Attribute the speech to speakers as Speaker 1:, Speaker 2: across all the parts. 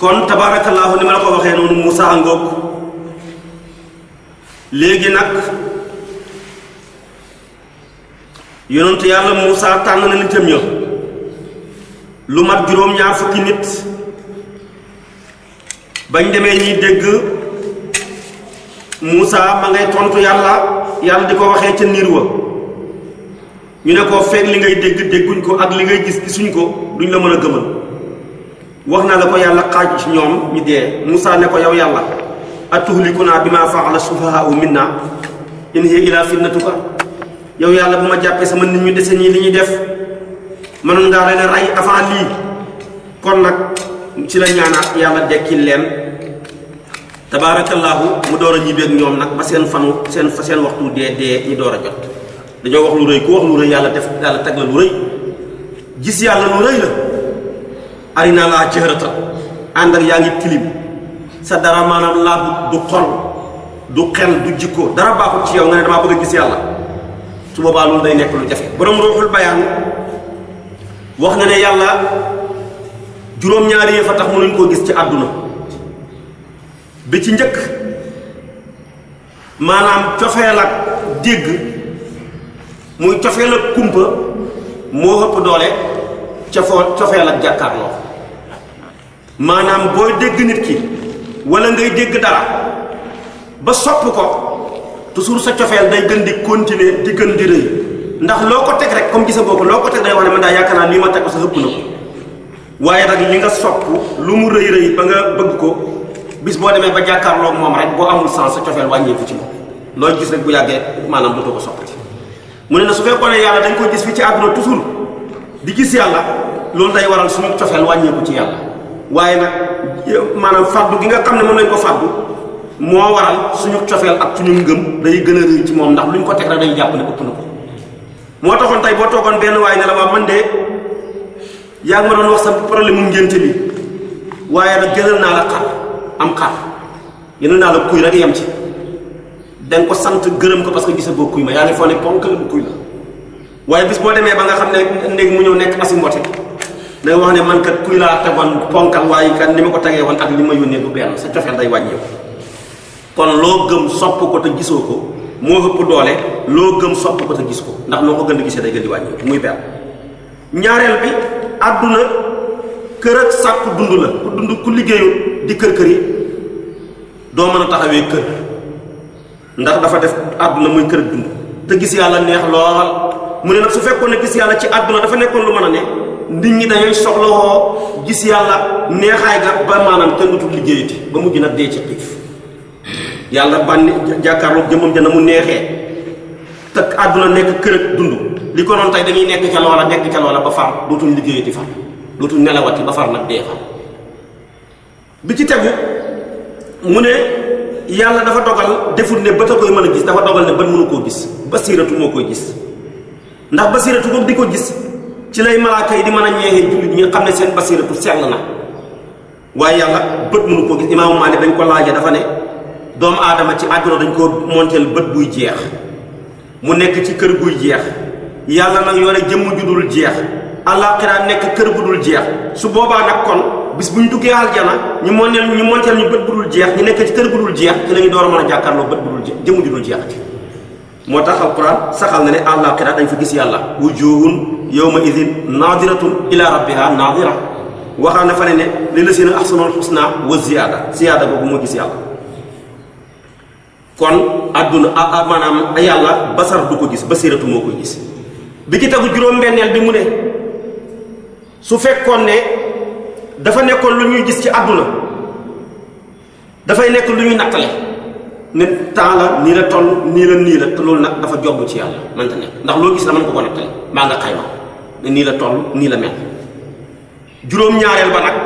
Speaker 1: kon tabaarakallaahu ni ma la ko waxee noonu Moussa Ngok léegi nag yonentu yàlla Moussa tànn na nitam ya lu mat juróom-ñaar fukki nit bañ demee ñiy dégg Moussa ma ngay tontu yàlla yàlla di ko waxee ca niir wa ñu ne ko fekk li ngay dégg dégguñ ko ak li ngay gis gisuñ ko duñ la mën a gëmal wax naa la ko yàlla xaaj ci ñoom ñu dee Moussa ne ko yow yàlla atuhlikuna bi ma faala sufahaau minna in hiya illa fitnatuka yow yàlla bu ma jàppee sama nit ñu dese nii li ñuy def mënoon ngaa leen rey avant lii kon nag ci la ñaanaat yàlla dekkil leen tabaarakallaahu mu door a ñibbeeg ñoom nag ba seen fanu seen seen waxtu dee dee ñu door a jot dañoo wax lu rëy ku wax lu rëy yàlla def yàlla teg la lu rëy gis yàlla lu rëy la arina laa jëhrata ànd yaa ngi tilim sa dara maanaam laabu du xol du xel du jikko dara baaxul ci yow nga ne damaa bëgg a gis yàlla su boobaa loolu day nekk lu jafe borom ruuxul bayaan wax na ne yàlla juróom-ñaari yëf a tax mënuñ koo gis ci àdduna bi ci njëkk maanaam cofeel ak dégg muy cofeel ak kumpa moo ëpp doole ca foo cofeel ak jàkkaarloo maanaam booy dégg nit ki wala ngay dégg dara ba sopp ko toujours sa cofeel day gën di continuer di gën di rëy ndax loo ko teg rek comme gisa boo ko loo ko teg day wax ne man daa yaakaar naa lii ma teg ko sa ëpp na ko waaye nag li nga sopp lu mu rëy rëy ba nga bëgg ko bis boo demee ba jàkkaarloog moom rek boo amul sens sa cofeel wàññeeku ci moom looy gis rek bu yàggee maanaam dootoo ko soppati mu ne na su fekkoon ne yàlla dañ ko gis fi ci àdduna toujours di gis yàlla loolu day waral suñu cofeel wàññeeku ci yàlla waaye nag maanaam fàddu gi nga xam ne moom lañ ko fàddu moo waral suñu cofeel ak suñu ngëm day gën a rëy ci moom ndax luñ ko teg rek dañu jàpp ne ëpp na ko moo taxoon tey boo toogoon benn waaye ne la waa man de yaa ngi ma doon sa problème mu bi waaye nag jëlal naa am xar yeneen naa la kuy rek yem ci da nga ko sant gërëm ko parce que gisa boo kuy ma yaa ngi ne ponk la kuy la waaye bis boo demee ba nga xam ne ndég mu ñëw nekk asi day wax ne man kat kuy laa tegoon ponkal waaye kat ni ma ko tegee woon ak li ma yónnee du benn sa cofeel day wàññeeku kon loo gëm sopp ko te gisoo ko moo ëpp doole loo gëm sopp ko te gis ko ndax loo ko gën a gisee day gën di wàññeeku muy benn ñaareel bi àdduna kër ak sàkku dund la ku dund ku liggéeyul di kër kër yi doo mën a taxawee kër ndax dafa def àdduna muy kër ak dund te gis yàlla neex lool mu ne nag su fekkoon ne gis yàlla ci àdduna dafa nekkoon lu mën a ne nit ñi dañuy soxlawoo gis yàlla neexaay ga ba maanaam tëngatul liggéeyati ba mujj nag dee ci xiif yàlla bànni jàkkaarloog jëmmam ja na mu neexee te àdduna nekk kërëg dund li ko noonu tey dañuy nekk ca loola nekk ca loola ba far dootuñ liggéeyati far dootuñ nelawati ba far nag dee far bi ci tegu mu ne yàlla dafa dogal deful ne bët a koy mën a gis dafa dogal ne bët mënu koo gis basiratu moo koy gis ndax basiratu boobu di ko gis ci lay malaaka yi di mën a ñeexee jullit ñi ñu xam ne seen basiratu sell na waaye yàlla bët mënu koo gis imaamu Maalik dañ ko laaje dafa ne doomu aadama ci àdduna dañ koo monteel bët bu jeex mu nekk ci kër buy jeex yàlla nag yore jëmm ju dul jeex àllaaxira nekk kër bu dul jeex su boobaa nag kon bis bu ñu duggee aljana ñu monteel ñu monteel ñu bët bu dul jeex ñu nekk ci kër bu dul jeex ci la ñu door a mën a jàkkaarloo bët bu dul jeex jëmm ju dul jeex moo tax alquran saxal na ne dañ fa gis yàlla yawma idin naadiratun ila rabbiha naadira waxaan fa ne ne li la seen ahsanul husna wa ziyaada ziyaada boobu moo gis yàlla kon àdduna maanaam yàlla basar du ko gis basiratu moo koy gis bi ci tegu juróom-benneel bi mu ne su fekkoon ne dafa nekkoon lu ñuy gis ci àdduna dafay nekk lu ñuy nattale ne temps nii la toll nii la nii la te loolu nag dafa jomb ci yàlla mënta nekk ndax loo gis la mën ko ko nattale maa nga xayma nii la toll nii la mel juróom-ñaareel ba nag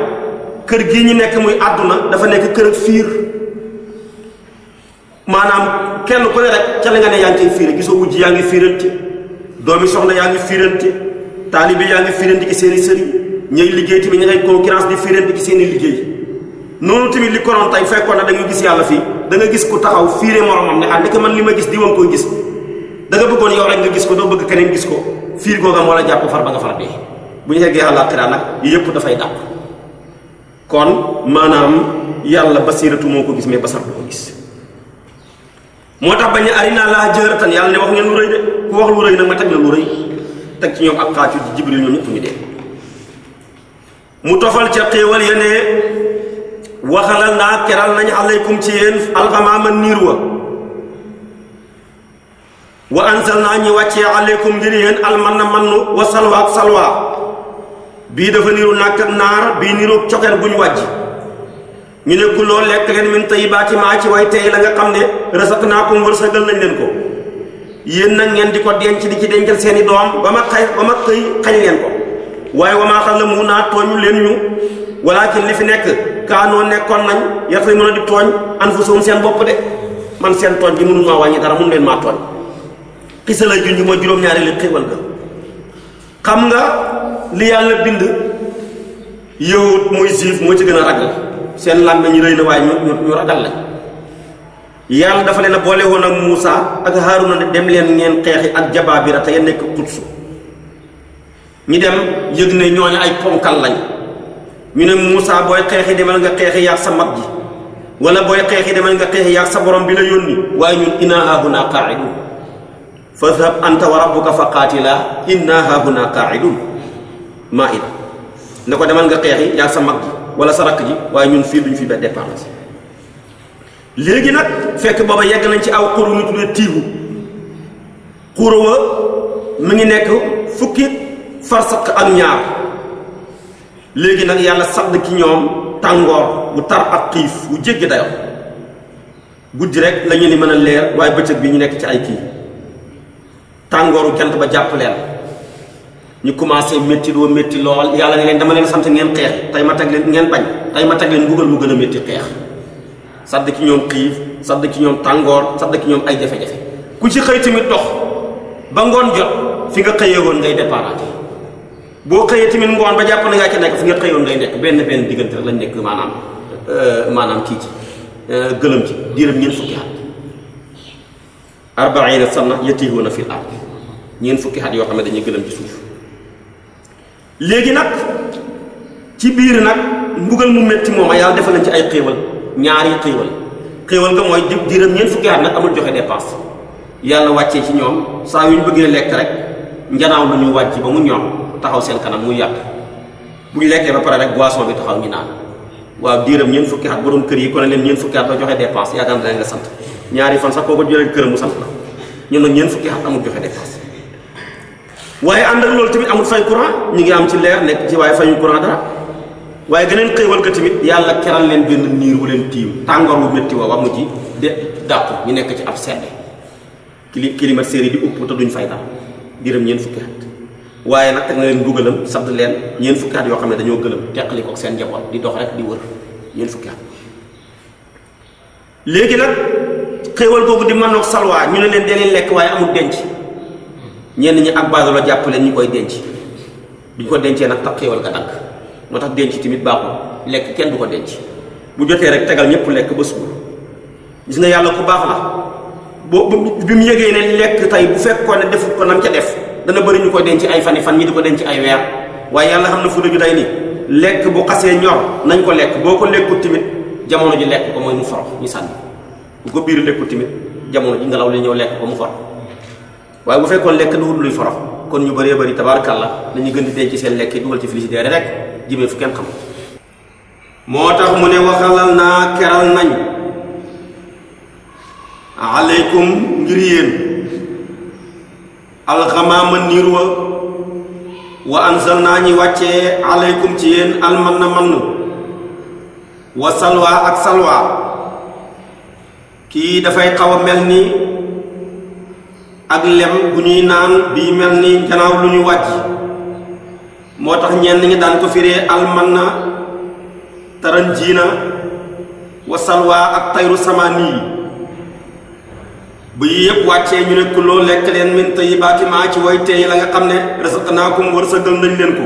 Speaker 1: kër gii ñu nekk muy àdduna dafa nekk kër ak fiir maanaam kenn ku ne rek ca la nga ne yaa ngi ciy fiire gisoo wujj yaa ngi fiirante doomi soxna yaa ngi fiirante taalibe yaa ngi fiirante ci seen i sëriñ ñooy liggéey tamit ña ngay concurrence di fiirante ci seen i liggéey noonu tamit li konoon tey fekkoon na da nga gis yàlla fii da gis ku taxaw fiire moromam ne ah ndeke man li ma gis di wam koo gis da nga bëggoon yow rek nga gis ko doo bëgg keneen gis ko fiir googa moo jàpp far ba nga far dee bu ñu yeggee àllaaxira nag yëpp dafay dàq kon maanaam yàlla basiratu moo ko gis mais basar du gis moo tax bañ ne arinaa laa jëratan yàlla ne wax ngeen lu rëy de ku wax lu rëy nag ma teg lu rëy teg ci ñoom ak xaacu ci jibril ñoom ñëpp ñu dee mu tofal ca xéewal ya ne waxalal naa keral nañ alaykum ci yéen alxamaama niir wa wa anzalnaa ñi wàccee aleykum ngir yéen almanna mannu wa salwa ak salwa bii dafa niru nàkk ak naar bii niru cokkeer bu ñu wàjj ñu ne ku loo lekk leen min tayyibaati maa ci way tey la nga xam ne razaqnaakum wërsëgal nañ leen ko yéen nag ngeen di ko denc di ci dencal seeni doom ba ma xay ba ma xëy xañ leen ko waaye wa maa xalamunaa tooñu leen ñu walaakin li fi nekk kaanoo nekkoon nañ yartay mën a di seen bopp de man seen tooñ bi mënu maa wàññi dara mënu leen maa tooñ xisa la junj mooy juróom-ñaari li xéewal ga xam nga li yàlla bind yahut mooy juif moo ci gën a ragal seen làmmiñ ñu rëy na waaye ñu ñu ragal la yàlla dafa leen a boole woon ak Muusa ak Haaruna ne dem leen ngeen xeexi ak jabaabira te ya nekk Quds ñi dem yëg ne ñooñu ay ponkal lañ ñu ne Muusa booy xeexi demal nga xeexi yaag sa mag ji wala booy xeexi demal nga xeexi yaag sa borom bi la yónni waaye ñun inaa haahunaa qaa'iduun fadhab anta wa rabbuka fa qaatila inna hahuna qaaidun maa ida ne ko demal nga xeexi yaa sa mag ji wala sa rakk ji waaye ñun fii duñ fi ba départ léegi nag fekk booba yegg nañ ci aw xuru ñu tuddee tiigu xuru wa mu ngi nekk fukki farsaq ak ñaar léegi nag yàlla sadd ki ñoom tàngoor bu tar ak xiif bu jéggi dayo guddi rek lañu ñu ni mën a leer waaye bëccëg bi ñu nekk ci ay kii tàngooru jant ba jàpp leen ñu commencé métti doo métti lool yàlla ne leen dama leen sant ngeen xeex tey ma teg leen ngeen bañ tey ma teg leen mbugal mu gën a métti xeex sadd ci ñoom xiif sadd ci ñoom tàngoor sadd ci ñoom ay jafe-jafe ku ci xëy tamit dox ba ngoon jot fi nga xëyee woon ngay départaate boo xëyee tamit ngoon ba jàpp na ngaa ci nekk fi nga xëyoon ngay nekk benn benn diggante rek lañ nekk maanaam euh, maanaam kii ci euh, gëlëm ci diiram ñeent arbaina sanna yatihuuna fil ard ñeent fukki at yoo xam ne dañuy gëlëm ci suuf léegi nag ci biir nag mbugal mu métti mooma yàlla defal nañ ci ay xéewal ñaari xéewal xéewal nga mooy diiram ñeent fukki at nag amul joxe dépense yàlla wàccee ci ñoom saa yu ñu bëggee lekk rek njanaaw lu ñu ba mu ñoom taxaw seen kanam muy yàq bu ñu lekkee ba pare rek boisson bi taxaw ñu naan waaw diiram ñeent fukki at borom kër yi ko ne leen ñeent fukki at ba joxe dépense yaakaar naa nga sant ñaari fan sax kooko jëlee këram mu sant la ñun nag amul joxe waaye ànd ak loolu tamit amul fay courant ñu ngi am ci leer nekk ci waaye fayu courant dara waaye gëneen xëywal ka tamit yàlla keral leen benn niir wu leen tiim tàngoor wu métti wa wax de dàqu ñu nekk ci ab sedd cli climatiseurs yi di upp te duñ fay dara diiram ñeent fukki at waaye nag teg na leen dugalam sadd leen ñeent fukki at yoo xam ne dañoo gëlëm teqali ko seen njaboot di dox rek di wër ñeent fukki at léegi xéewal boobu di mënoog salwaa ñu ne leen dee leen lekk waaye amul denc ñenn ñi ak baadoolo jàpp leen ñu koy denc duñ ko dencee nag tax xéewal ga moo tax denc tamit baaxul lekk kenn du ko denc bu jotee rek tegal ñëpp lekk ba suur gis nga yàlla ku baax la boo bi mu yëgee ne lekk tey bu fekkoon ne defut ko nam ca def dana bëri ñu koy denc ay fani fan ñi di ko denc ay weer waaye yàlla xam na fu dañu day ni lekk bu xasee ñor nañ ko lekk boo ko lekkut tamit jamono ji lekk ko mooy mu forox ñu sànni bu ko biir lekkul tamit jamono ji ngelaw li ñëw lekk ko mu far waaye bu fekkoon lekk du wut luy forox kon ñu bëree bëri tabaarakàlla nañu gën di denc seen lekk yi dugal ci frigidaire rek jibee fu kenn xam moo tax mu ne waxalal naa keral nañ aleykum ngir yéen alxamaama niir wa wa ansal naa ñi wàccee aleykum ci yéen alman na mann ak salwa kii dafay xaw a mel ni ak lem bu ñuy naan bii mel ni gannaaw lu ñu wàcc moo tax ñenn ñi daan ko firee almanna taranjiina wa salwa ak tayru samaani yi bu yi yëpp wàccee ñu ne kuloo lekk leen min tayyibaati maa ci way teey la nga xam ne razaqnaakum wërsëgal nañ leen ko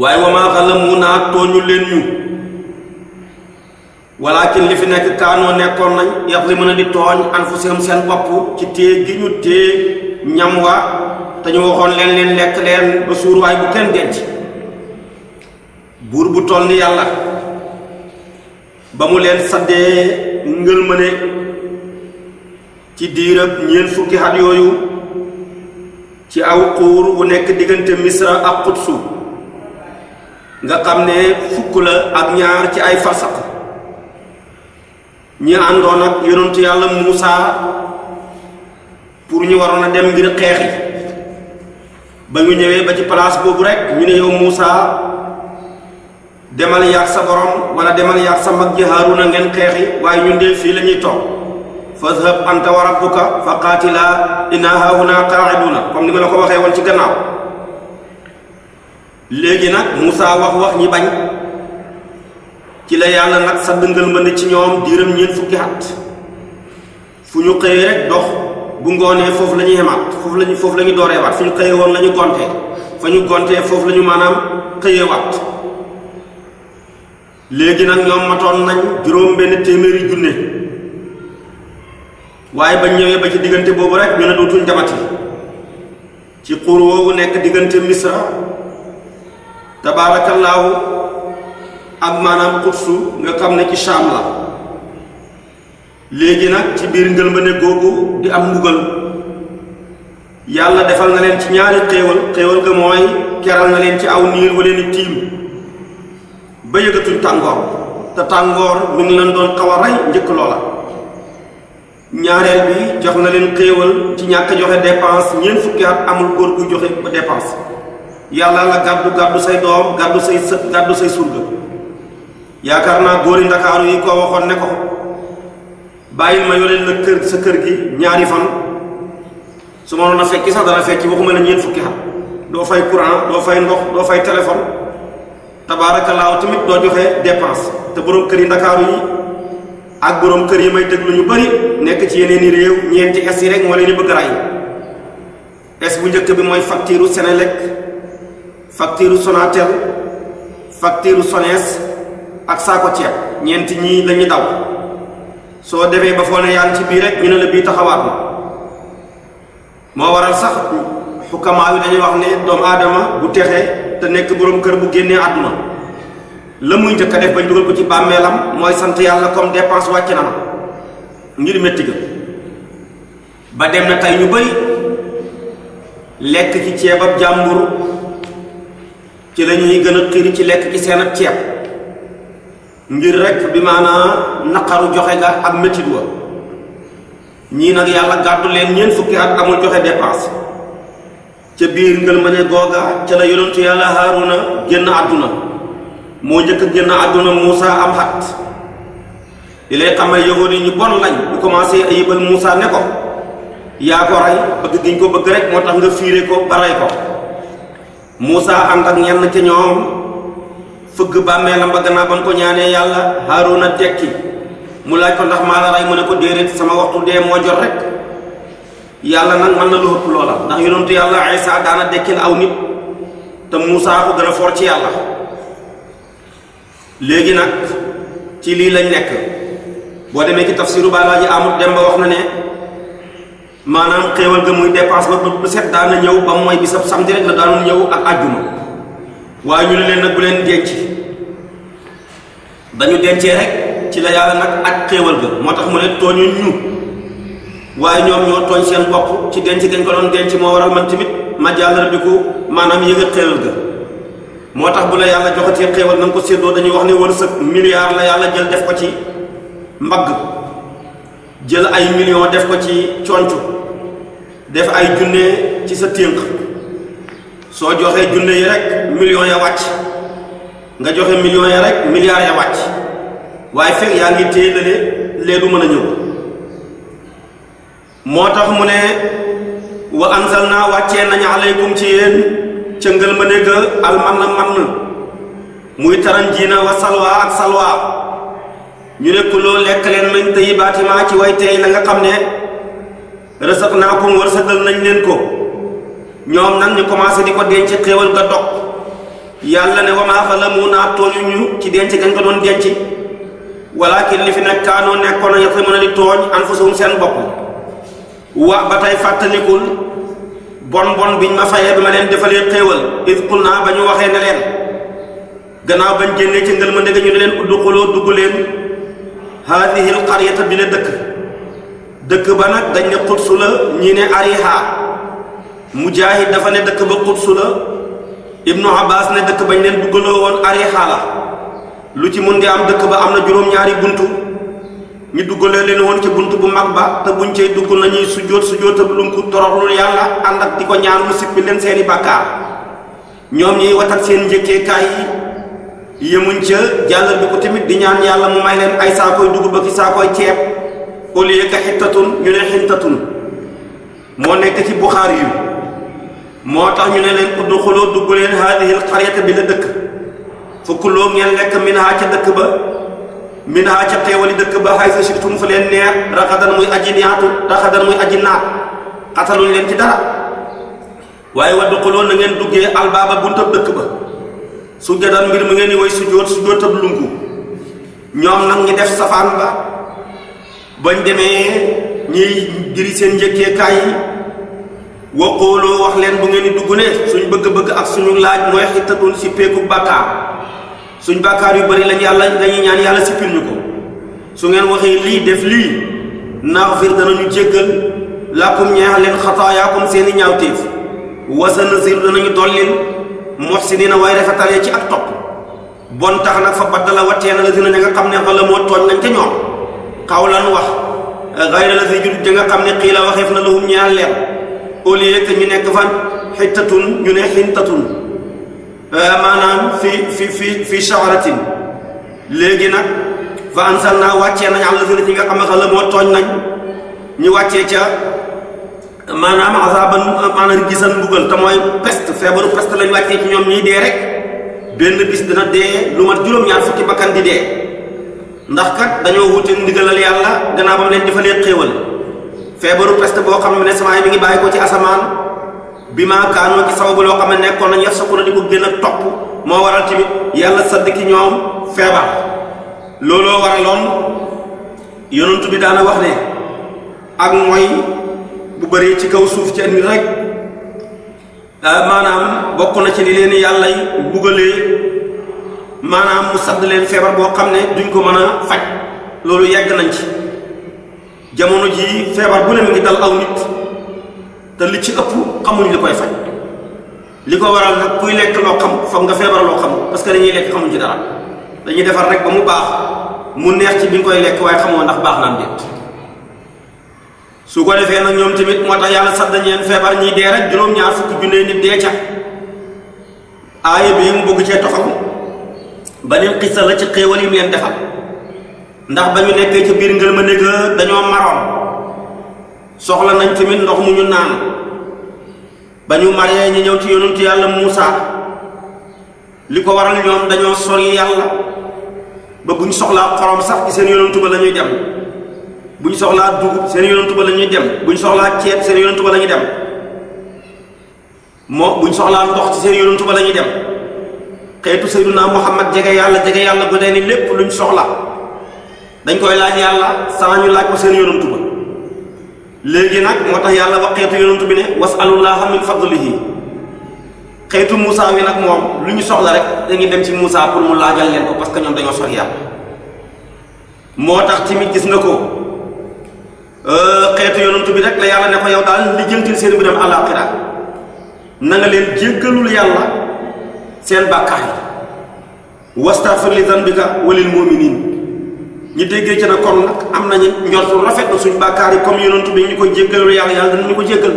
Speaker 1: waaye wa maa xalamuunaa tooñu leen ñu walaakin li fi nekk kaanoo nekkoon nañ li yaxlimuuna di tooñ anfusahum seen bopp ci téye gi ñu téye ñam wa te waxoon leen leen lekk leen ba suur waay bu kenn denc buur bu toll ni yàlla ba mu leen saddee ngëlmëne ci diirab ñeent fukki at yooyu ci aw xuur bu nekk diggante misra ak xutsu nga xam ne fukk la ak ñaar ci ay farsaq ñi àndoon ak yonentu yàlla Muusa pour ñu waroon a dem ngir xeexi ba ñu ñëwee ba ci place boobu rek ñu ne yow Muusa demal yaag sa borom wala demal yaag sa mag ji Haaruna ngeen xeexi waaye ñun de fii lañuy ñuy toog fazhab anta wa rabbuka fa qaatila inna haahuna qaa'iduuna comme ni ma la ko waxee woon ci gannaaw léegi nag Muusa wax wax ñi bañ ci la yàlla nag sa dëngal mën na ci ñoom diiram ñeent fukki at fu ñu xëyee rek dox bu ngoonee foofu lañuy ñuy xemaat foofu la ñu foofu la ñu dooreewaat fu ñu xëyee woon la ñu gontee fa ñu gontee foofu la ñu maanaam xëyeewaat léegi nag ñoom matoon nañ juróom benn téeméeri junne waaye ba ñëwee ba ci diggante boobu rek ñu ne dootuñ jabati ci xur woowu nekk diggante misra tabaarakallaahu ak maanaam xutsu nga xam ne ci Saam la léegi nag ci biir ngëlmane googu di am mbugal yàlla defal na leen ci ñaari xéewal xéewal ga mooy keral na leen ci aw niir wala ni ba yëgatuñ tàngoor te tàngoor mi ngi leen doon xaw a rey njëkk loola ñaareel bi jox na leen xéewal ci ñàkk joxe dépense ñeent fukki at amul góor buy joxe ba yàlla la gàddu gàddu say doom gàddu say sët gàddu say surga yaakaar naa góori ndakaaru yi ko waxoon ne ko bàyyil ma yoreel la kër sa kër gi ñaari fan su ma noon a fekki sax dana fekki waxuma la ñeent fukki xat doo fay courant doo fay ndox doo fay téléphone tabaarakallaahu tamit doo joxe dépense te boroom kër yi ndakaaru yi ak boroom kër yi may déglu ñu bari nekk ci yeneen i réew ñeenti es yi rek moo leen di bëgg ray es bu njëkk bi mooy facture u Senelec facture u Sonatel facture ak saako ceeb ñeenti ñii la ñu daw soo defee ba foo ne ci biir rek ñu ne la bii taxawaat na moo waral sax xukamaa yi dañuy wax ne doomu aadama bu texee te nekk boroom kër bu génnee àdduna la muy njëkk a def bañ dugal ko ci bàmmeelam mooy sant yàlla comme dépense wàcc na ma ngir métti ga ba dem na tey ñu bari lekk ci ceebab jàmbur ci la ñuy gën a xiir ci lekk ci seen ceeb ngir rek bi maanaa naqaru joxe ga ak métit wa ñii nag yàlla gàddu leen ñeent fukki at amul joxe dépense ca biir ngël ma ne googa ca la yonentu yàlla haaruna génn àdduna moo jëkk génn àdduna Muusa am xat di lay xamal yahuud yi ñu bon lañ bu ay ayibal Muusa ne ko yaa ko rey bëgg giñ ko bëgg rek moo tax nga fiire ko ba rey ko Muusa ànd ak ñenn ca ñoom fëgg bàmmeelam ba gannaaw ba ko ñaanee yàlla Haaruna tekki mu laaj ko ndax maa la rey mu ne ko déedéet sama waxtu dee moo jot rek yàlla nag mën na lu ëpp loola ndax yonentu yàlla Aysa daana dekkil aw nit te Muusaa ko gën a ci yàlla léegi nag ci lii lañ nekk boo demee ci si Baalaaji Amut Demba wax na ne maanaam xéewal ga muy dépense ba bu set daana ñëw ba mooy bisab samedi rek la ñëw ak àjjuma waaye ñu ne leen nag bu leen denc dañu dencee rek ci la yàlla nag ak xéewal ga moo tax mu ne tooñu ñu waaye ñoom ñoo tooñ seen bopp ci denc gañ ko doon denc moo waral man tamit ma jàllale bi ko maanaam yëgal xéewal ga moo tax bu la yàlla joxatee xéewal na nga ko séddoo dañuy wax ne wërsëg milliard la yàlla jël def ko ci mbagg jël ay million def ko ci concu def ay junne ci sa ténk soo joxee junne yi rek million ya wàcc nga joxe millions ya rek milliards ya wàcc waaye fekk yaa ngi téye lale lee du mën a ñëw moo tax mu ne wa anzal naa wàccee nañ aleykum ci yéen ca ngël ma dégg alman na man na muy taran jiina wa salwa ak salwa ñu ne ku lekk leen mañ tëyi bâtiment ci way tey la nga xam ne rësëq naa ko wërsëgal nañ leen ko ñoom nag ñu commencé di ko denc xéewal ga dog yàlla ne wamaa zalamuunaa tooñuñu ci denc gañ ko doon denc walaakin li fi nekk kaanoo nekkoon ya mën a di tooñ anfusahum seen bopp wa ba tey fàttalikul bon bon biñ ma fayee bi ma leen defalee xéewal id naa ba ñu waxee ne leen gannaaw bañ génnee ci ngëlmande ga ñu ne leen udxuloo dugg leen haadihi l qaryata bi la dëkk dëkk ba nag dañ ne xudsu la ñii ne ariha mujaahid dafa ne dëkk ba xudsu la ibnu abbas ne dëkk bañ leen duggaloo woon ariixa la lu ci mun di am dëkk ba am na juróom-ñaari buntu ñu dugg duggalee leen woon ci buntu bu mag ba te buñ cay dugg nañuy sujjóot sujjóotab lunku toroxlul yàlla ànd ak di ko ñaan mu sippi leen seeni bàkkaar ñoom ñiy watat seen njëkkeekaay yi yemuñ ca jàllal bi ko tamit di ñaan yàlla mu may leen ay saakoy dugub ak i saakoy ceeb au lieu que xittatun ñu ne xintatun moo nekk ci buxaar yu moo tax ñu ne leen udxulu dugg leen haadihi alqaryata bi la dëkk fa kuloo ngeen lekk minhaa ca dëkk ba minhaa ca xéewali dëkk ba haysu shi'tum fu leen neex raxadan muy aji naatu raxadan muy aji naat xataluñ leen ci dara waaye wa duxuloo na ngeen duggee albaaba buntab dëkk ba su jadan mbir mu ngeen di way sujjóot sujjóotab lunku ñoom nag ñi def safaan ba bañ demee ñiy jëri seen njëkkee kaay yi waqooloo wax leen bu ngeen di dugg ne suñ bëgg-bëgg ak suñu laaj mooy xittatun si peeku bàkkaar suñ bàkkaar yu bëri lañ yàlla lañuy ñaan yàlla sippil ñu ko su ngeen waxee lii def lii naxfir danañu jéggal lakum ñeex leen xataayaakum seeni ñaawteef wasa nasir danañu dollil muxsinina way rafetalee ci ak topp bon tax nag fa baddala watteena la dina ña nga xam ne wala moo tooñ nañ ca ñoom xawlan wax gayra la jur ña nga xam ne xii la waxeef na lahum ñeex leen au lieu que ñu nekk fan xittatun ñu ne xintatun euh, maanaam fi fi fi fi shawaratin léegi nag fa ansal naa wàccee nañ am la si na ci nga xam moo tooñ nañ ñu wàccee ca maanaam azaban maanaam gisan mbugal te mooy peste feebaru peste lañ wàccee ci ñoom ñuy dee rek benn bis dina dee lu mat juróom-ñaar fukki bakkan di dee ndax kat dañoo wuute ndigalal yàlla gannaaw leen defalee xéewal feebaru peste boo xam ne ne samaay mi ngi bàyyi ko ci asamaan bi maa kaanoo ci sababu loo xam ne nekkoon nañ yaf sokku na di ko gën a topp moo waral yàlla sadd ki ñoom feebar looloo waraloon yonent bi daana wax ne ak mooy bu bëree ci kaw suuf ci at mi rek ah, maanaam bokk na ci li leen yàlla bugalee maanaam mu sadd leen feebar boo xam ne duñ ko mën a faj loolu yegg nañ ci jamono jii feebar bu ne mi ngi dal aw nit te li ci ëpp xamuñ li koy faj li ko waral nag kuy lekk loo xam foog nga feebar loo xam parce que dañuy lekk xamuñ ci dara dañuy defar rek ba mu baax mu neex ci bi nga koy lekk waaye xamoo ndax baax naan déet su ko defee nag ñoom tamit moo tax yàlla sax dañu leen feebar ñiy dee rek juróom-ñaar fukki junne nit dee ca aaya bi mu bëgg cee toxal beneen xisa la ci xéewal yi mu leen defal ndax ba ñu nekkee ca biir ngëlmande ga dañoo maroon soxla nañ tamit ndox mu ñu naan ba ñu maree ñu ñëw ci yonent yàlla Muusa li ko waral ñoom dañoo sori yàlla ba bu ñu soxlaa xorom sax ci seen yonent ba la ñuy dem bu ñu soxlaa dugub seen yonent ba la ñuy dem bu ñu soxlaa ceeb seen yonent ba la dem moo bu ñu soxlaa ndox ci seen yonent ba la ñuy dem xeetu Sayyiduna Muhammad jege yàlla jege yàlla bu dee ni lépp ñu soxla dañ koy laaj yàlla saa ñu laaj ko seen yonantu léegi nag moo tax yàlla wax xeetu yonantu bi ne wasalullaha min fadlihi xeetu Moussa wi nag moom lu ñu soxla rek dañuy dem ci Moussa pour mu laajal leen ko parce que ñoom dañoo sori yàlla moo tax tamit gis nga ko euh, xeetu yonantu bi rek la yàlla ne ko yow daal li jëntil seen mbiram àllaaxira na leen jéggalul yàlla seen bàkkaar yi wastaghfir li zanbika walil mu'minin ñi déggee ci na kon nag am nañu njortu rafet na suñu bàkkaar yi comme yonent bi ñu koy jéggalul yàlla yàlla dañu ko jéggal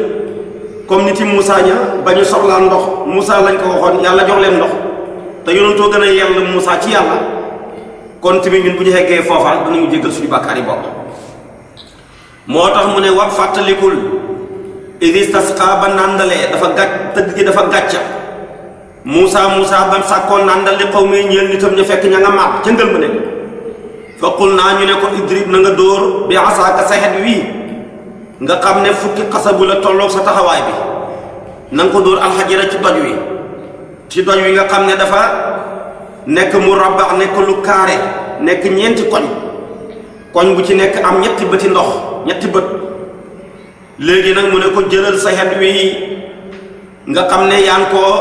Speaker 1: comme nit yi Moussa ña ba ñu soxlaa ndox Moussa lañ ko waxoon yàlla jox leen ndox te yonentoo gën a yell Moussa ci yàlla kon tamit ñun bu ñu xeggee foofa danañu jéggal suñu bàkkaar yi bopp moo tax mu ne wax fàttalikul idis tasqa ba nàndalee dafa gàcc tëgg gi dafa gàcca Moussa Moussa ba sàkkoon nàndal li xaw muy ñeel nitam ñu fekk ña nga faqul naa ñu ne ko idrib na nga dóor bi asaaka sa xet wii nga xam ne fukki xasabu la tolloog sa taxawaay bi na ko dóor alxajara ci doj wi ci doj wi nga xam ne dafa nekk mu rabax nekk lu kaare nekk ñeenti koñ koñ bu ci nekk am ñetti bëti ndox ñetti bët léegi nag mu ne ko jëlal sa xet wi nga xam ne yaa ngi koo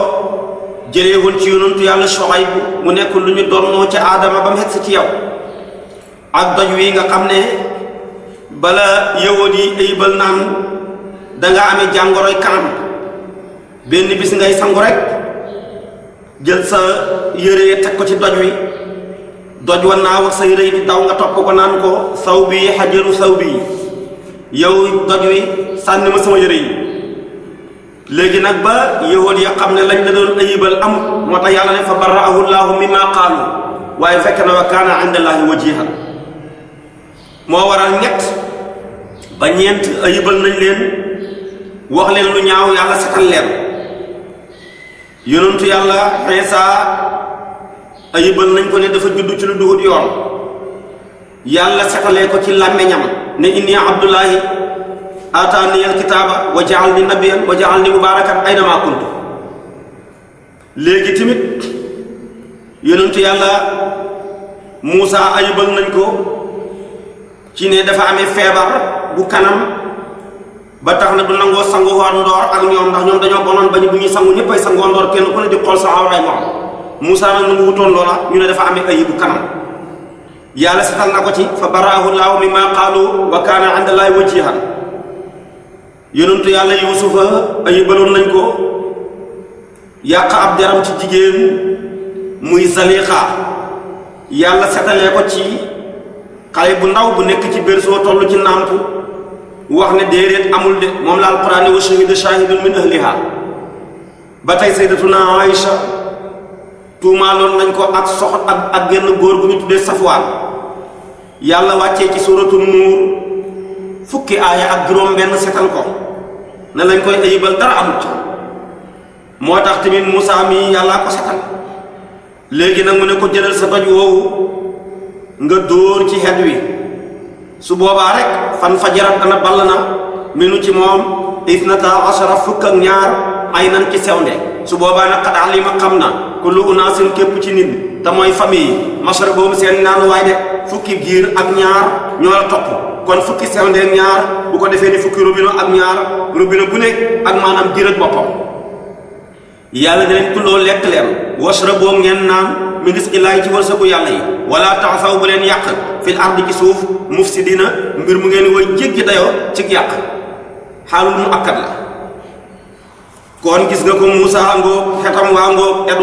Speaker 1: jëleewul ci yonantu yàlla Shuayb mu nekk lu ñu doon noo ca aadama ba mu xet si ci yow ak doj wi nga xam ne bala yowóot yi ayibal naan danga amee jàngoroy kanam benn bis ngay sangu rek jël sa yére teg ko ci doj wi doj wan naa wax sa yére yi di daw nga topp ko naan ko saw bi xajaru saw bi yow doj wi sànni ma sama yére yi léegi nag ba yowóot ya xam ne lañ la doon ayibal amut moo a yàlla ne fa barra'ahu llaahu mimmaa qaalu waaye fekk na wa kaana inda llaahi wajiiha moo waral ñett ba ñeent ayibal nañ leen wax leen lu ñaaw yàlla satal leen yonentu yàlla Iisa ayibal nañ ko ne dafa judd ci lu duhut yoon yàlla satalee ko ci làmmiñam ne inni abdullahi ataani alkitaaba wa jaal ni nabiyan wa jaal ni mubaarakan aynamaa kuntu léegi tamit yonentu yàlla Muusa ayibal nañ ko ci ne dafa ame feebar bu kanam ba tax na du nangoo sangu woon ak ñoom ndax ñoom dañoo bonoon bañ bu ñuy sangu ñëpp ay sangoo ndoor kenn ku ne di sa awray moom Moussa nag nangu wutoon loola ñu ne dafa amee ayibu kanam yàlla setal na ko ci fa baraahu laahu mi maa qaalu wa kaana indallahi wajihan yonentu yàlla yuusufa ayibaloon nañ ko yàq ab jaram ci jigéen muy zaliqa yàlla setalee ko ci xale bu ndaw bu nekk ci berceau toll ci nàmp wax ne déedéet amul de moom la alquran ne wa shahida shahidun min ahliha ba tey sayyidatuna Aïcha tuumaaloon nañ ko ak soxot ak ak genn góor gu ñu tuddee Safwaan yàlla wàccee ci suratul nuur fukki aaya ak juróom benn setal ko ne lañ koy ayibal dara amul ci moo tax tamit Moussa mi yàllaa ko setal léegi nag mu ne ko jëlal sa doj woowu nga dóor ci xet wi su boobaa rek fan fajarat dana ball na minu ci moom isnata asara fukk ak ñaar ay nan ci sewnde su boobaa nag xat alima xam na kullu unaasin képp ci nit te mooy famille yi masar boobu seen naan waay de fukki giir ak ñaar ñoo topp kon fukki sewnde ak ñaar bu ko defee ni fukki robinet ak ñaar robinet bu ak maanaam giir ak boppam yàlla da leen kulloo lekk leen wasra boobu ngeen naan mi gis ilaay ci wërsëgu yàlla yi wala taxaw bu leen yàq fil ardi ci suuf mufsidina mbir mu ngeen way jéggi dayoo ci yàq xaalul mu akkat la kon gis nga ko Muusa ngoog xetam waa ngoog et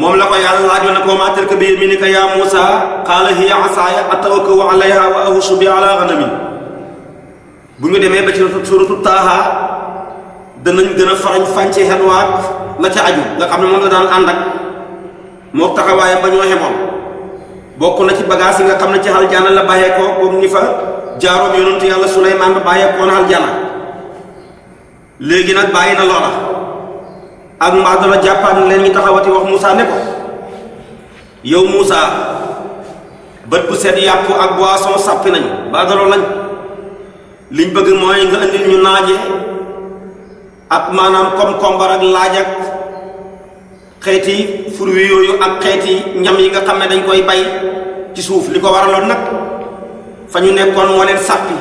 Speaker 1: moom la ko yàlla laajoon ne ko maa tilka bi yaminika yaa Muusa qaala hiya asaaya atawakkau alayha wa ahussu bi ala ganami bu ñu demee ba ci suratu Taaha danañ gën a farañ fànce xet waak la ca aju nga xam ne moom la daan ànd ak moo taxawaayam ba ñoo xemoon bokk na ci bagage yi nga xam ne ci aljana la bàyyeekoo ko ni fa jaaroom yonentu yàlla Suleymaan ba bàyyeekoon aljana léegi nag bàyyi na loola ak mbaa dana jàppaan leen ñi taxawati wax Moussa ne ko yow Moussa bët bu set yàpp ak boisson sàppi nañu baadaloo lañ liñ bëgg mooy nga indil ñu naaje ak maanaam comme kombar ak laaj ak xeeti fur wi yooyu ak xeeti ñam yi nga xam ne dañ koy bay ci suuf li ko waraloon nag fa ñu nekkoon moo leen sàppi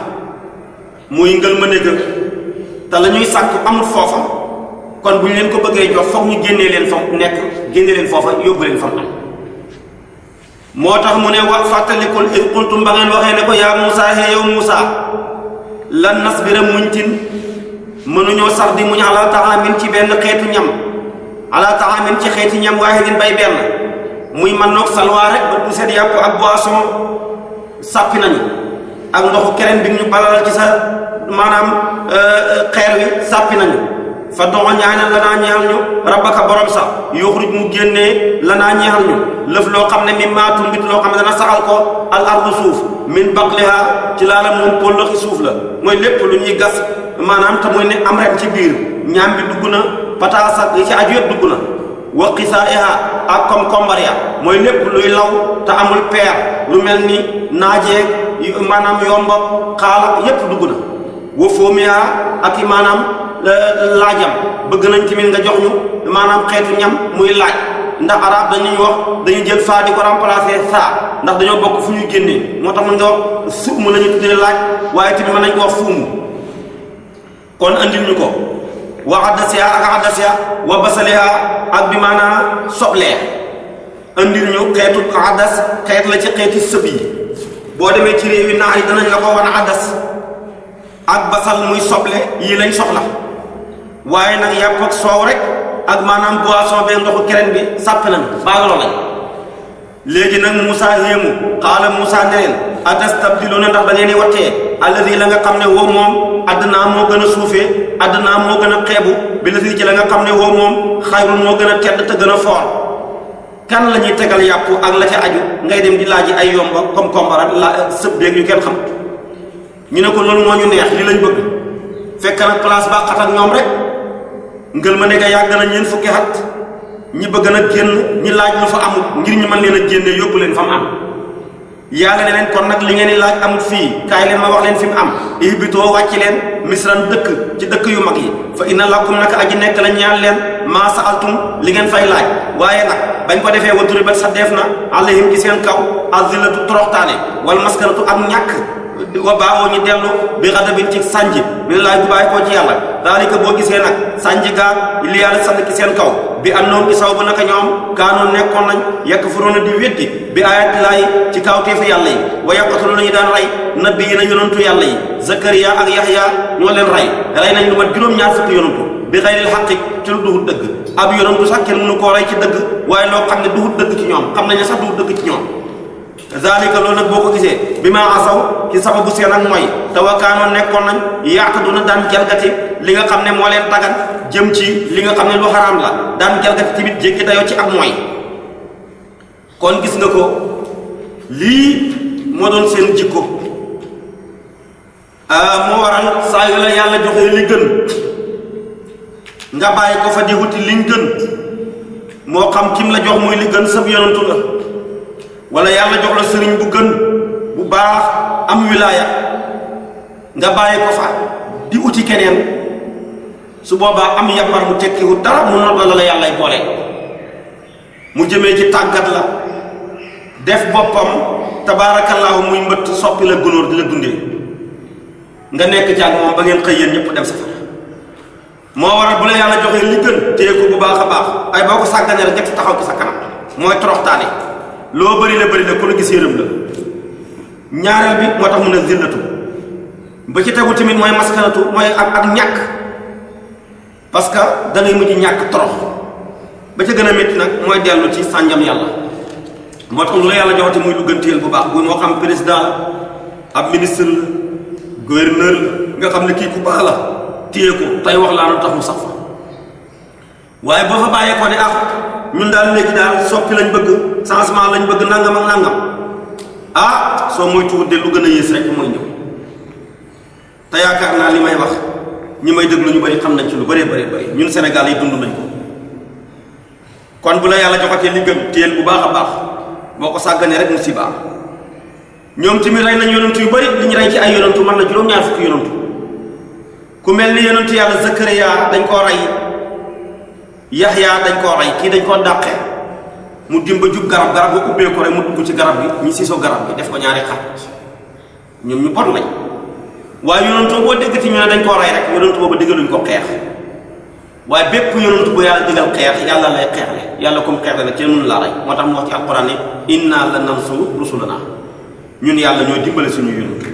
Speaker 1: muy ngël ma négal te la ñuy sàkk amul foofa kon bu ñu leen ko bëggee jox foog ñu génnee leen fa nekk génne leen foofa yóbbu leen fa moo tax mu ne wa fàttalikul id qultum ba ngeen waxee ne ko yaa Muusaa hee yow Muusaa lan nasbira muñ tin mënuñoo sax di muñ ala taamin ci benn xeetu ñam ala taamin ci xeeti ñam waahidin bay benn muy man noog salwaa rek ba du set yàpp ak boisson sàppi nañu ak ndoxu keneen bi ñu balalal ci sa maanaam euh, euh, xeer wi sàppi nañu fa doxo ñaanal lanaa ñeexal ñu rabbaka borom sax yuxruj mu génnee lanaa ñeexal ñu lëf loo xam ne mi maatu mbit loo xam ne dana saxal ko al ardu suuf min baqliha ci la moom pëllëxi suuf la mooy lépp lu ñuy gas maanaam te ne am ren ci biir ñaam bi dugg na pataasa yi ci aju yëpp dugg na wa qisaa'iha ak comme kombar ya mooy lépp luy law te amul peer lu mel ni naajeeg maanaam yomba xaalak yépp dugg na wa foomiha ak i maanaam laajam bëgg nañ tamit nga jox ñu maanaam xeetu ñam muy laaj ndax arab dañuy wax dañuy jël faa di ko remplacer saa ndax dañoo bokk fu ñuy génnee moo tax mën nga wax suum la ñu laaj waaye tamit mën nañ ko wax fuumu kon andil ñu ko wa addasiha ak addasiha wa basaliha ak bi maanaa soblee andil ñu xeetu adas xeet la ci xeeti sëb yi boo demee ci réew yi naar yi danañ la ko wan adas ak basal muy soble yii lañ soxla waaye nag yàpp ak soow rek ak maanaam boisson bee ndoxu keneen bi sàpp nañ baagaloo lañ léegi nag Moussa xéemu xaala Moussa ne leen atastabdiluuna ndax da ngeen di wattee alladi la nga xam ne woo moom addinaa moo gën a suufee addinaa moo gën a xeebu bi la fii ci la nga xam ne woo moom xayrul moo gën a tedd te gën a foor kan lañuy ñuy tegal yàpp ak la ca aju ngay dem di laaj ay yomba comme comparat la sëb beeg yu kenn xam ñu ne ko loolu moo ñu neex li lañ bëgg fekk nag place ba xat ak ñoom rek ngël ma nekk ka yàgg na ñeen fukki ñi bëgg na génn ñi laaj lu fa amut ngir ñu mën leen a génne yóbbu leen fa mu am yàlla ne leen kon nag li ngeen di laaj amut fii kaay leen ma wax leen fi mu am ihbitoo wàcc leen misran dëkk ci dëkk yu mag yi fa inna lakum naka aji nekk la ñaan leen maa saaltum li ngeen fay laaj waaye nag bañ ko defee wa duribat sa def na alayhim ci seen kaw azillatu toroxtaane wal maskanatu ak ñàkk wa baaxoo ñu dellu bi xadabin ci sànj bi laay bu bàyyi koo ci yàlla daalika boo gisee nag sànj gaa li yàlla sant ki seen kaw bi am na andoom isaw bu naka ñoom kaanoon nekkoon nañ yekk furoona di weddi bi ayati laay ci kawteefu yàlla yi wa yaqatulu nañu daan rey nabi yi na yonantu yàlla yi zakariya ak yaxya ñoo leen rey rey nañ lu mat juróom-ñaar fukki yonantu bi xayril xaqi ci lu duhut dëgg ab yonantu sax kenn mënu koo rey ci dëgg waaye loo xam ne duhut dëgg ñoom xam nañ ne sax duhut dëgg zalika loolu nag boo ko gisee bi ma asaw ci sababu seen ak mooy te wakaanoon nekkoon nañ yaataduna daan jalgati li nga xam ne moo leen tagal jëm ci li nga xam ne lu xaraam la daan jalgati tamit jéggi dayoo ci ak mooy kon gis nga ko lii moo doon seen jikko ah, moo waral saa yu la yàlla joxee li gën nga bàyyi ko fa di wuti liñ gën moo xam kim la jox muy li gën sab yonantu la wala yàlla jox la sëriñ bu gën bu baax am wilaaya nga bàyyi ko fa di uti keneen su boobaa am yàppar mu tekkiwu dara mu nobal la la yàllay boole mu jëmee ci tàggat la def boppam tabaarakallaahu muy mbëtt soppi la gunóor di la dundee nga nekk jàng moom ba ngeen xëy yéen ñëpp dem safara moo waral bu la yàlla joxee li gën téye ko bu baax a baax ay boo ko sàgganee rek njëkk taxaw ci sa kanam mooy toroxtaane loo bari la bëri la ku la gis yërëm la ñaareel bi moo tax mun a zillatu ba ci tegu tamit mooy maskanatu mooy ak ak ñàkk parce que da ngay mujj ñàkk torox ba ca gën a metti nag mooy dellu ci sànjam yàlla moo tax lu la yàlla joxati muy lu gënteel bu baax bu moo xam président ab ministre la nga xam ne kii ku baax la téye ko tey wax laa nu tax mu sax waaye boo fa bàyyee ko ne ah ñun daal léegi daal soppi lañ bëgg changement lañu bëgg nangam ak nangam ah soo moytuwul de lu gën a yées rek mooy ñëw te yaakaar naa li may wax ñi may déglu ñu bëri xam nañ ci lu bëree bëri bëri ñun senegal yi dund nañ ko kon bu la yàlla joxatee li gën téyel bu baax a baax boo ko sàgganee rek musiba ñoom tamit rey nañ yonantu yu bëri li ñu rey ci ay yonantu man la juróom-ñaar fukki yonantu ku mel ni yonantu yàlla Zakariya dañ koo rey yaxyaa dañ koo rey kii dañ koo dàqe mu dimba jub garab garab ga ubbee rek mu dugg ci garab gi ñu siisoo garab gi def ko ñaari xat ñoom ñu bon lañ waaye yonentu boo déggati ñu ne dañ koo rey rek yonentu boobu déggaluñ ko xeex waaye bépp yonentu bu yàlla digal xeex yàlla lay xeexle yàlla comme xeex la kenn mënu laa rey moo tax mu wax ci alquran ne inna la nansuru rusulana ñun yàlla ñoo dimbale suñu yonentu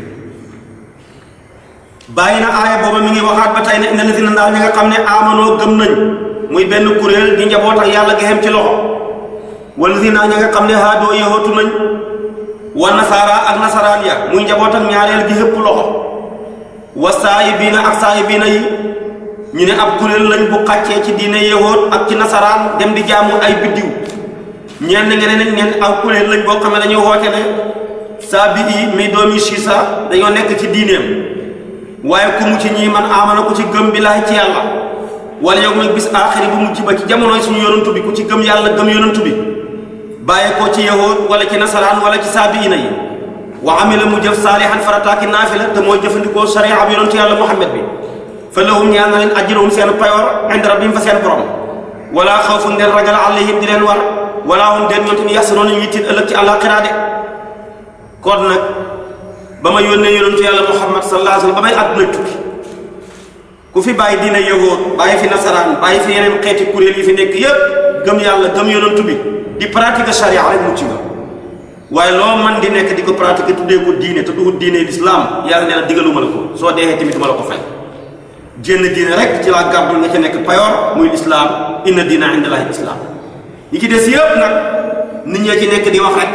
Speaker 1: bàyyi na aaya booba mi ngi waxaat muy benn kuréel di njaboot ak yàlla gi ci loxo wala zina ña nga xam ne haadoo yahootu nañ wa nasaara ak nasaraan ya muy njaboot ak ñaareel gi xëpp loxo wa saayibiina ak saayibiina yi ñu ne ab kuréel lañ bu xàccee ci diine yahoot ak ci nasaraan dem di jaamu ay biddiw ñeen nga ne nañ neen lañ boo xam ne dañuy woote ne saa bi i mi doomi siisa dañoo nekk ci diineem waaye ku ci ñii man amana ko ci gëm bi laay ci yàlla wala yow muy bis aaxiri bu mujj ba ci jamonoy suñu yonantu bi ku ci gëm yàlla gëm yonantu bi bàyyi ko ci yahood wala ci nasaraan wala ci saabiina yi wa amila mu jëf saalihan farataaki naafila te mooy jëfandikoo sariya ab yonantu yàlla muhammad bi fa lahum ñaan na leen ajruhum seen payoor inda rabbihim fa seen borom wala xawfun leen ragal alayhim di leen war wala hum deen ñoom tamit yaxsanoon nañu yittit ëllëg ci àllaaxira de kon nag ba ma yónnee yonantu yàlla muhammad ku fi bàyyi diine yowoo bàyyi fi nasaraan bàyyi fi yeneen xeeti kuréel yi fi nekk yëpp gëm yàlla gëm yonantu bi di pratiquer charia rek mucc nga waaye loo man di nekk di ko pratiquer tuddee ko diine te duhul diine lislaam yàlla nee na digaluma la ko soo deexee tamit ma la ko fay jénn diine rek ci laa gàddul nga ca nekk payoor muy lislaam inna diina indallaahi lislaam yi ci des yëpp nag nit ñee ci nekk di wax rek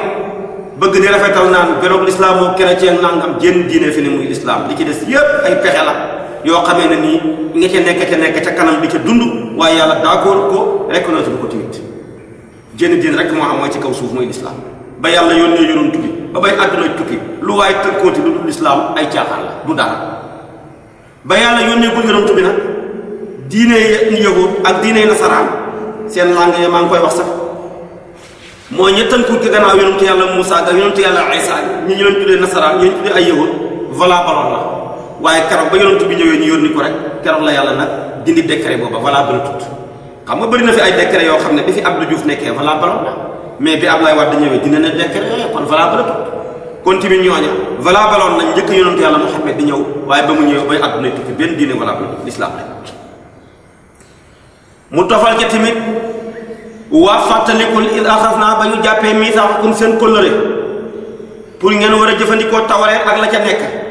Speaker 1: bëgg ni rafetal naan beroog lislaam moo chrétien nangam jénn diine fi ne lislaam li ci des yëpp ay pexe la yoo xamee ne nii nga ca nekk ca nekk ca kanam bi ca dund waaye yàlla d'accord ko reconnaître ko tamit jën diin rek moo xam mooy ci kaw suuf mooy lislaam ba yàlla yoon yoroon tukki ba bay àdduna tukki lu waaye tënkooti ay caaxaan la du yàlla yónnee bu yoroon tukki nag diine yahud ak diine nasaraan seen langue ya maa ngi koy wax sax mooy ña tënku ci gannaaw yonentu yàlla Moussa ak yonentu yàlla Isa ñi ñu leen tuddee nasaraan ñu leen tuddee ay yahud voilà baloon la waaye keroog ba yonent bi ñëwee ñu yónni ko rek keroog la yàlla nag dindi décret booba valable tut xam nga bëri na fi ay décret yoo xam ne bi fi Abdou Diouf nekkee valable la mais bi Abdoulaye Wade ñëwee dina ne décret yooyu kon valable tut kon tamit ñooñu valable woon nañ njëkk yonent yàlla di ñëw waaye ba mu ñëwee bay àdduna tukki benn diine valable l'islam rek mu tofal ca tamit waa fàttalikul il axas naa ba ñu jàppee miisaaxakum seen kóllëre pour ngeen war a jëfandikoo tawareet ak la ca nekk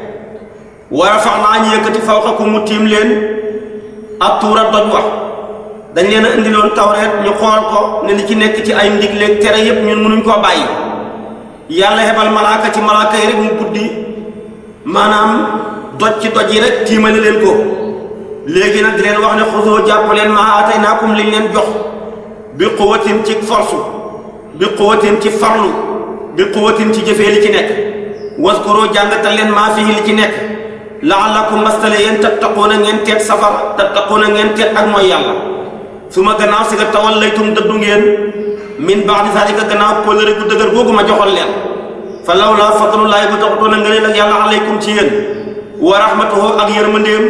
Speaker 1: wa rafaxnaa ñu yëkkati fawqakum mu tiim leen ak tuurat doj wax dañ leen a indiloon tawreet ñu xool ko ne li ci nekk ci ay ndigleeg tere yépp ñun mënuñ koo bàyyi yàlla hebal malaaka ci malaaka yi rek mu buddi maanaam doj ci doj yi rek tiimale leen ko léegi nag di leen wax ne xusoo jàpp leen maa aatay naakum liñ leen jox bi quwatin ci force bi quwatin ci farlu bi quwatin ci jëfee li ci nekk waskuroo jàngatal leen maa fii li ci nekk laalakum mbastale yéen tattaquuna ngeen teet safara tattaquuna ngeen teet ak mooy yàlla su ma gannaaw si nga tawallaytum dëddu ngeen min ba'di zaalika gannaaw kóllëre gu dëgër googu ma joxoon leen fa lawlaa fadlullaahi bu taxutoon a ngëneel ak yàlla alaykum ci yéen wa rahmatuhu ak yërmandeem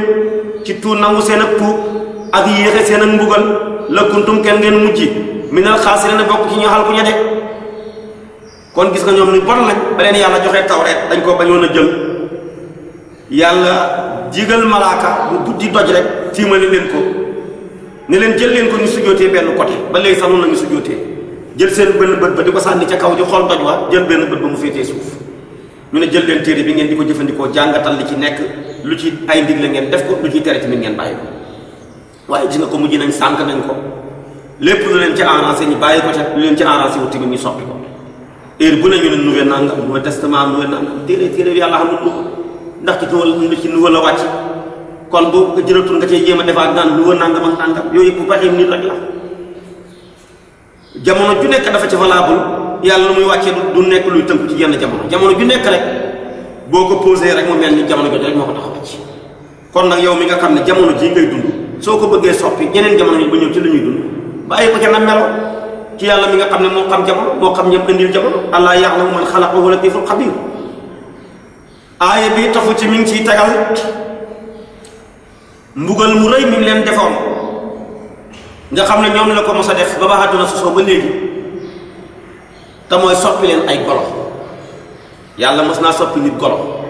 Speaker 1: ci tuur nangu seen ak tuub ak yéexe seen ak mbugal la kuntum kenn ngeen mujj minal xaasiriina bokk ci ñu xal ku ña de kon gis nga ñoom lu bon lañ ba yàlla joxee tawreet dañ koo bañoon a jël yàlla jigal malaaka bu guddi doj rek tiimale leen ko ni leen jël leen ko ñu sujjóotee benn côté ba léegi sax noonu la ñu sujjóotee jël seen benn bët ba di ko sànni ca kaw di xool doj wa jël benn bët ba mu féetee suuf lu ne jël leen téere bi ngeen di ko jëfandikoo jàngatal li ci nekk lu ci ay ndigle ngeen def ko lu ciy tere tamit ngeen bàyyi ko waaye gis ko mujj nañ sànq nañ ko lépp lu leen ca arrangé ñu bàyyi ko ca lu leen ci arrangé wu tamit ñu soppi yàlla xam lu ko ndax ci lu ci luwa la wàcc kon bu jëlatul nga cay jéem a defaat naan luwa nangam ak nangam yooyu yëpp bu baaxee nit rek la jamono ju nekk dafa ci valable yàlla lu muy wàccee du nekk luy tënk ci yenn jamono jamono ju nekk rek boo ko posé rek mu mel ni jamono jooju rek moo ko tax a wàcc kon nag yow mi nga xam ne jamono jii ngay dund soo ko bëggee soppi yeneen jamono yi ba ñëw ci lu ñuy dund bàyyi ko ca na melo ci yàlla mi nga xam ne moo xam jamono moo xam ñëpp indil jamono allah ya'lamu man xalaqa wa huwa latiful xabir aaya bi taxu ci mi ngi ciy tegal mbugal mu rëy mi leen defoon nga xam ne ñoom la ko mos a def ba ba àdduna sosoo ba léegi te mooy soppi leen ay golo yàlla mos naa soppi nit golo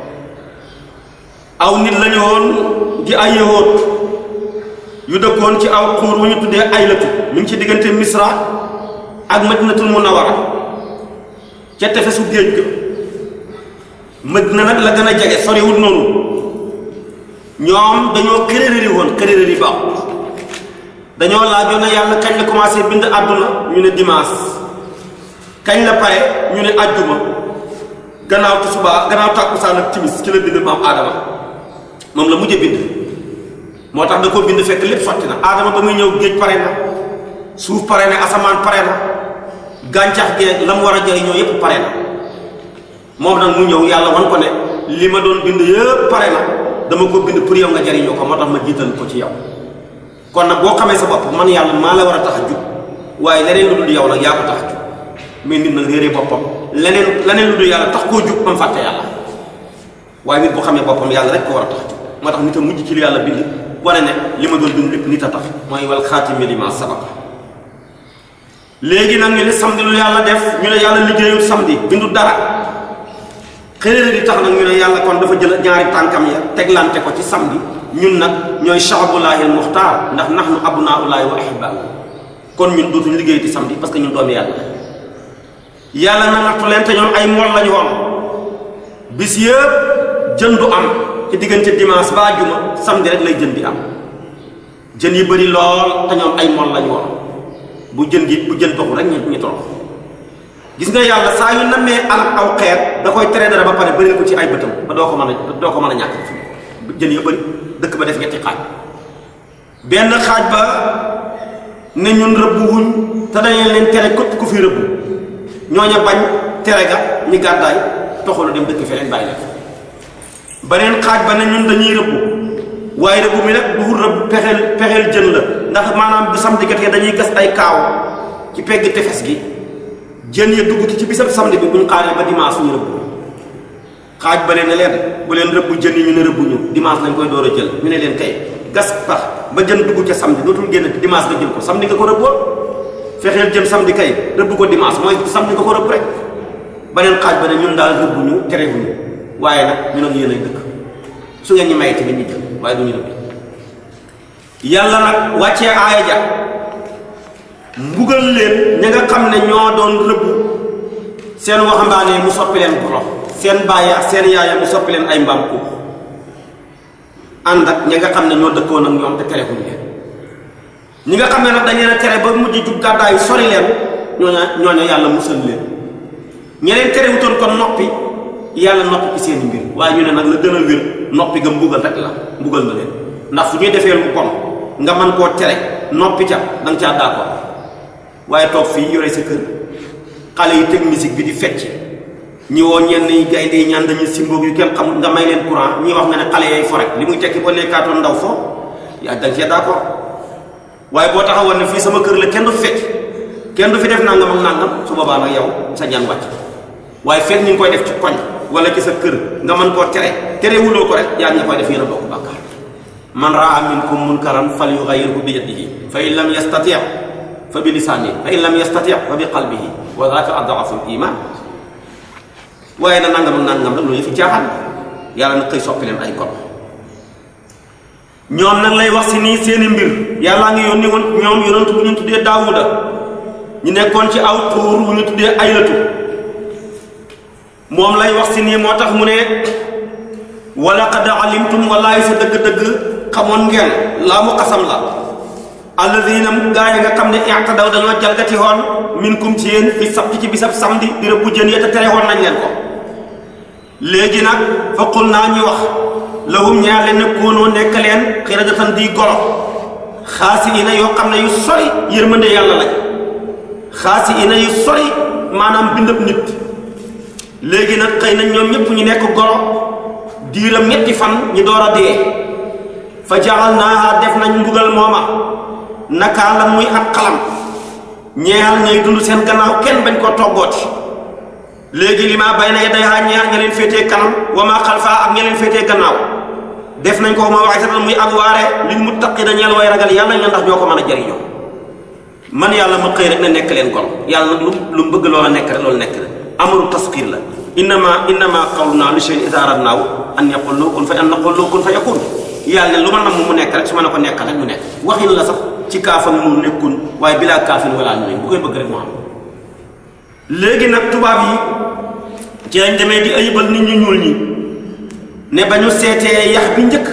Speaker 1: aw nit lañu woon di ay yëwoot yu dëkkoon ci aw xuur wu ñu tuddee ay latu ngi ci diggante misra ak ma madinatul munawara ca tefesu géej ga mët Madina nag la gën a jege soriwul noonu ñoom dañoo këréerëri woon këréerëri baaxul dañoo laajoon ne yàlla kañ la commencé bind àdduna ñu ne dimanche kañ la pare ñu ne àjjuma gannaaw ci subaa gannaaw tàkkusaan ak timis ci la bind maam aadama moom la mujj bind moo tax da koo bind fekk lépp sotti na aadama ba muy ñëw géej pare na suuf pare na asamaan pare na gàncax gee la mu war a ñoo yépp pare na moom nag mu ñëw yàlla wan ko ne li ma doon bind yëpp pare na dama ko bind pour yow nga jariñoo ko moo tax ma jiital ko ci yow kon nag boo xamee sa bopp man yàlla maa la war a tax a jub waaye leneen lu dul yow nag yaa mais nit nag boppam leneen leneen lu dul yàlla tax koo jub man fàtte yàlla waaye nit boo xamee boppam yàlla rek ko war a tax jub moo tax nit a mujj ci li yàlla bind wane ne li ma doon dund lépp nit a tax mooy wal xaatimi li ma sabaq léegi nag ñu ne samedi lu yàlla def ñu ne yàlla liggéeyul samedi bindu dara xëy di tax nag ñu ne yàlla kon dafa jël ñaari tànkam ya teglante ko ci samedi ñun nag ñooy shaabulaahi al muxtaar ndax abu abnaaulaahi wa ahibaa kon ñun dootuñu liggéey ci samedi parce que ñu doomi yàlla yàlla na nattu leen te ñoom ay mool lañu woon bis yëpp jën du am ci diggante dimanche ba àjjuma samedi rek lay jën di am jën yi bëri lool te ñoom ay mool lañu woon bu jën gi bu jën doxul rek ñu ñu torox gis nga yàlla saa yu nammee alal aw da koy tere dara ba pare bëri ko ci ay bëtam ba doo ko mën a doo ko mën a ñàkk jën yu bëri dëkk ba def ñetti xaaj benn xaaj ba ne ñun rëbb wuñ te dañu leen tere képp ku fi rëbb ñooña bañ tere ga ñu gàddaay toxalu dem dëkk feneen bàyyi leen xaaj ba ne ñun dañuy rëbb waaye rëbb mi nag du rëbb pexeel pexeel jën la ndax maanaam bu samedi jotee dañuy gas ay kaaw ci pegg tefes gi jën ya dugg ci ci bisab samedi ko buñ xaaree ba dimanche ñu xaaj ba ne leen bu leen rëbb jën yi ñu ne rëbb ñu dimanche lañ koy door a jël ñu ne leen tey gas tax ba jën dugg ca samedi dootul génn dimanche nga jël ko samedi ko ko rëbboon fexeel jën samedi kay rëbb ko dimanche mooy samedi nga ko rëbb rek beneen xaaj ba ne ñun daal rëbb ñu terewuñu waaye nag ñu nag yéen ay dëkk su ngeen ñu mayee tamit ñu jël waaye du ñu rëbb yàlla nag wàccee aaya ja mbugal leen ñi nga xam ne ñoo doon rëbb seen waxambaane mu soppi leen golo seen baay ak seen yaaya mu soppi leen ay mbaam kuux ànd ak ña nga xam ne ñoo dëkkoon ak ñoom te terewuñ leen ñi nga xam ne nag dañ leen a tere ba mujj jub gàddaayu sori leen ñooña yàlla musal leen ñeneen terewutoon kon noppi yàlla noppi ci seen mbir waaye ñu ne nag la gën a noppi ga mbugal rek la mbugal ma leen ndax fu ñuy defee lu kon nga mën koo tere noppi ca da nga caa waaye toog fii yore sa kër xale yi teg musique bi di fecc ñi woo ñenn ñi gaynde yi ñaan dañu simboog yu kenn xamul nga may leen courant ñi wax nga ne xale yay fo rek li muy tekki boo nekkaatoon ndaw fo yaa dañ cee d'accord waaye boo taxawoon fii sama kër la kenn du fecc kenn du fi def nangam ak nangam su boobaa nag yow sa ñaan wàcc waaye ñu ngi koy def ci koñ wala ci sa kër nga man koo tere tere wuloo ko rek yaa ngi koy def yéen a bokk bàkkaar man raa minkum munkaran falyughayyirhu bi yadihi fa in lam yastati' fa bi lisaanihi fa in lam yastati fa bi qalbihi wa dhalika ad'aful iman waaye na nangam ak nangam nag loolu yëfi yàlla na xëy soppi ay kon ñoom nag lay wax si nii seeni mbir yàllaa ngi yónni woon ñoom yonent bu ñu tuddee Daawuda ñu nekkoon ci aw tuur bu ñu tuddee Aylatu moom lay wax si nii moo tax mu ne wa laqad alimtum wallaahi sa dëgg-dëgg xamoon ngeen laa mu xasam la alladina gaa yi nga xam ne i'tadaw dañoo jalgati woon minkum ci yéen fi sabti ci bisab samedi di bu jën ya te tere woon nañ leen ko léegi nag fa naa ñu wax lahum ñaar leen ne koonoo nekk leen xiradatan di golo xaasi ina yoo xam ne yu sori yërmande yàlla lañ xaasi ina yu sori maanaam bindab nit léegi nag xëy na ñoom ñëpp ñu nekk golo diiram ñetti fan ñi door a dee fa jaxal naa def nañ mbugal mooma naka la muy am xalam ñeexal ñay dund seen gannaaw kenn bañ ko toggooti léegi li maa bay na day xaa ñeexal ña leen féetee kanam wa maa xalfaa ak ña leen gannaaw def nañ ko ma waxee satal muy ak waare liñ mu taqi da ñeel way ragal yàlla ñoo ndax ñoo ko mën a jariñoo man yàlla ma xëy rek ne nekk leen kon yàlla nag lu mu bëgg loola nekk rek loolu nekk rek amaru tasqir la innama innama qawluna li shay'in idha aradnahu an yaqul lahu kun fa an naqul yàlla lu ma namm mu nekk rek su ma ne ko nekkal rek mu nekk waxin la sax ci kaafam mu nekkun waaye bilaa kaafin wala ñu bu koy bëgg rek mu am nag tubaab yi ci lañ demee di ñu ñuul ñi ne ba seetee yax bi njëkk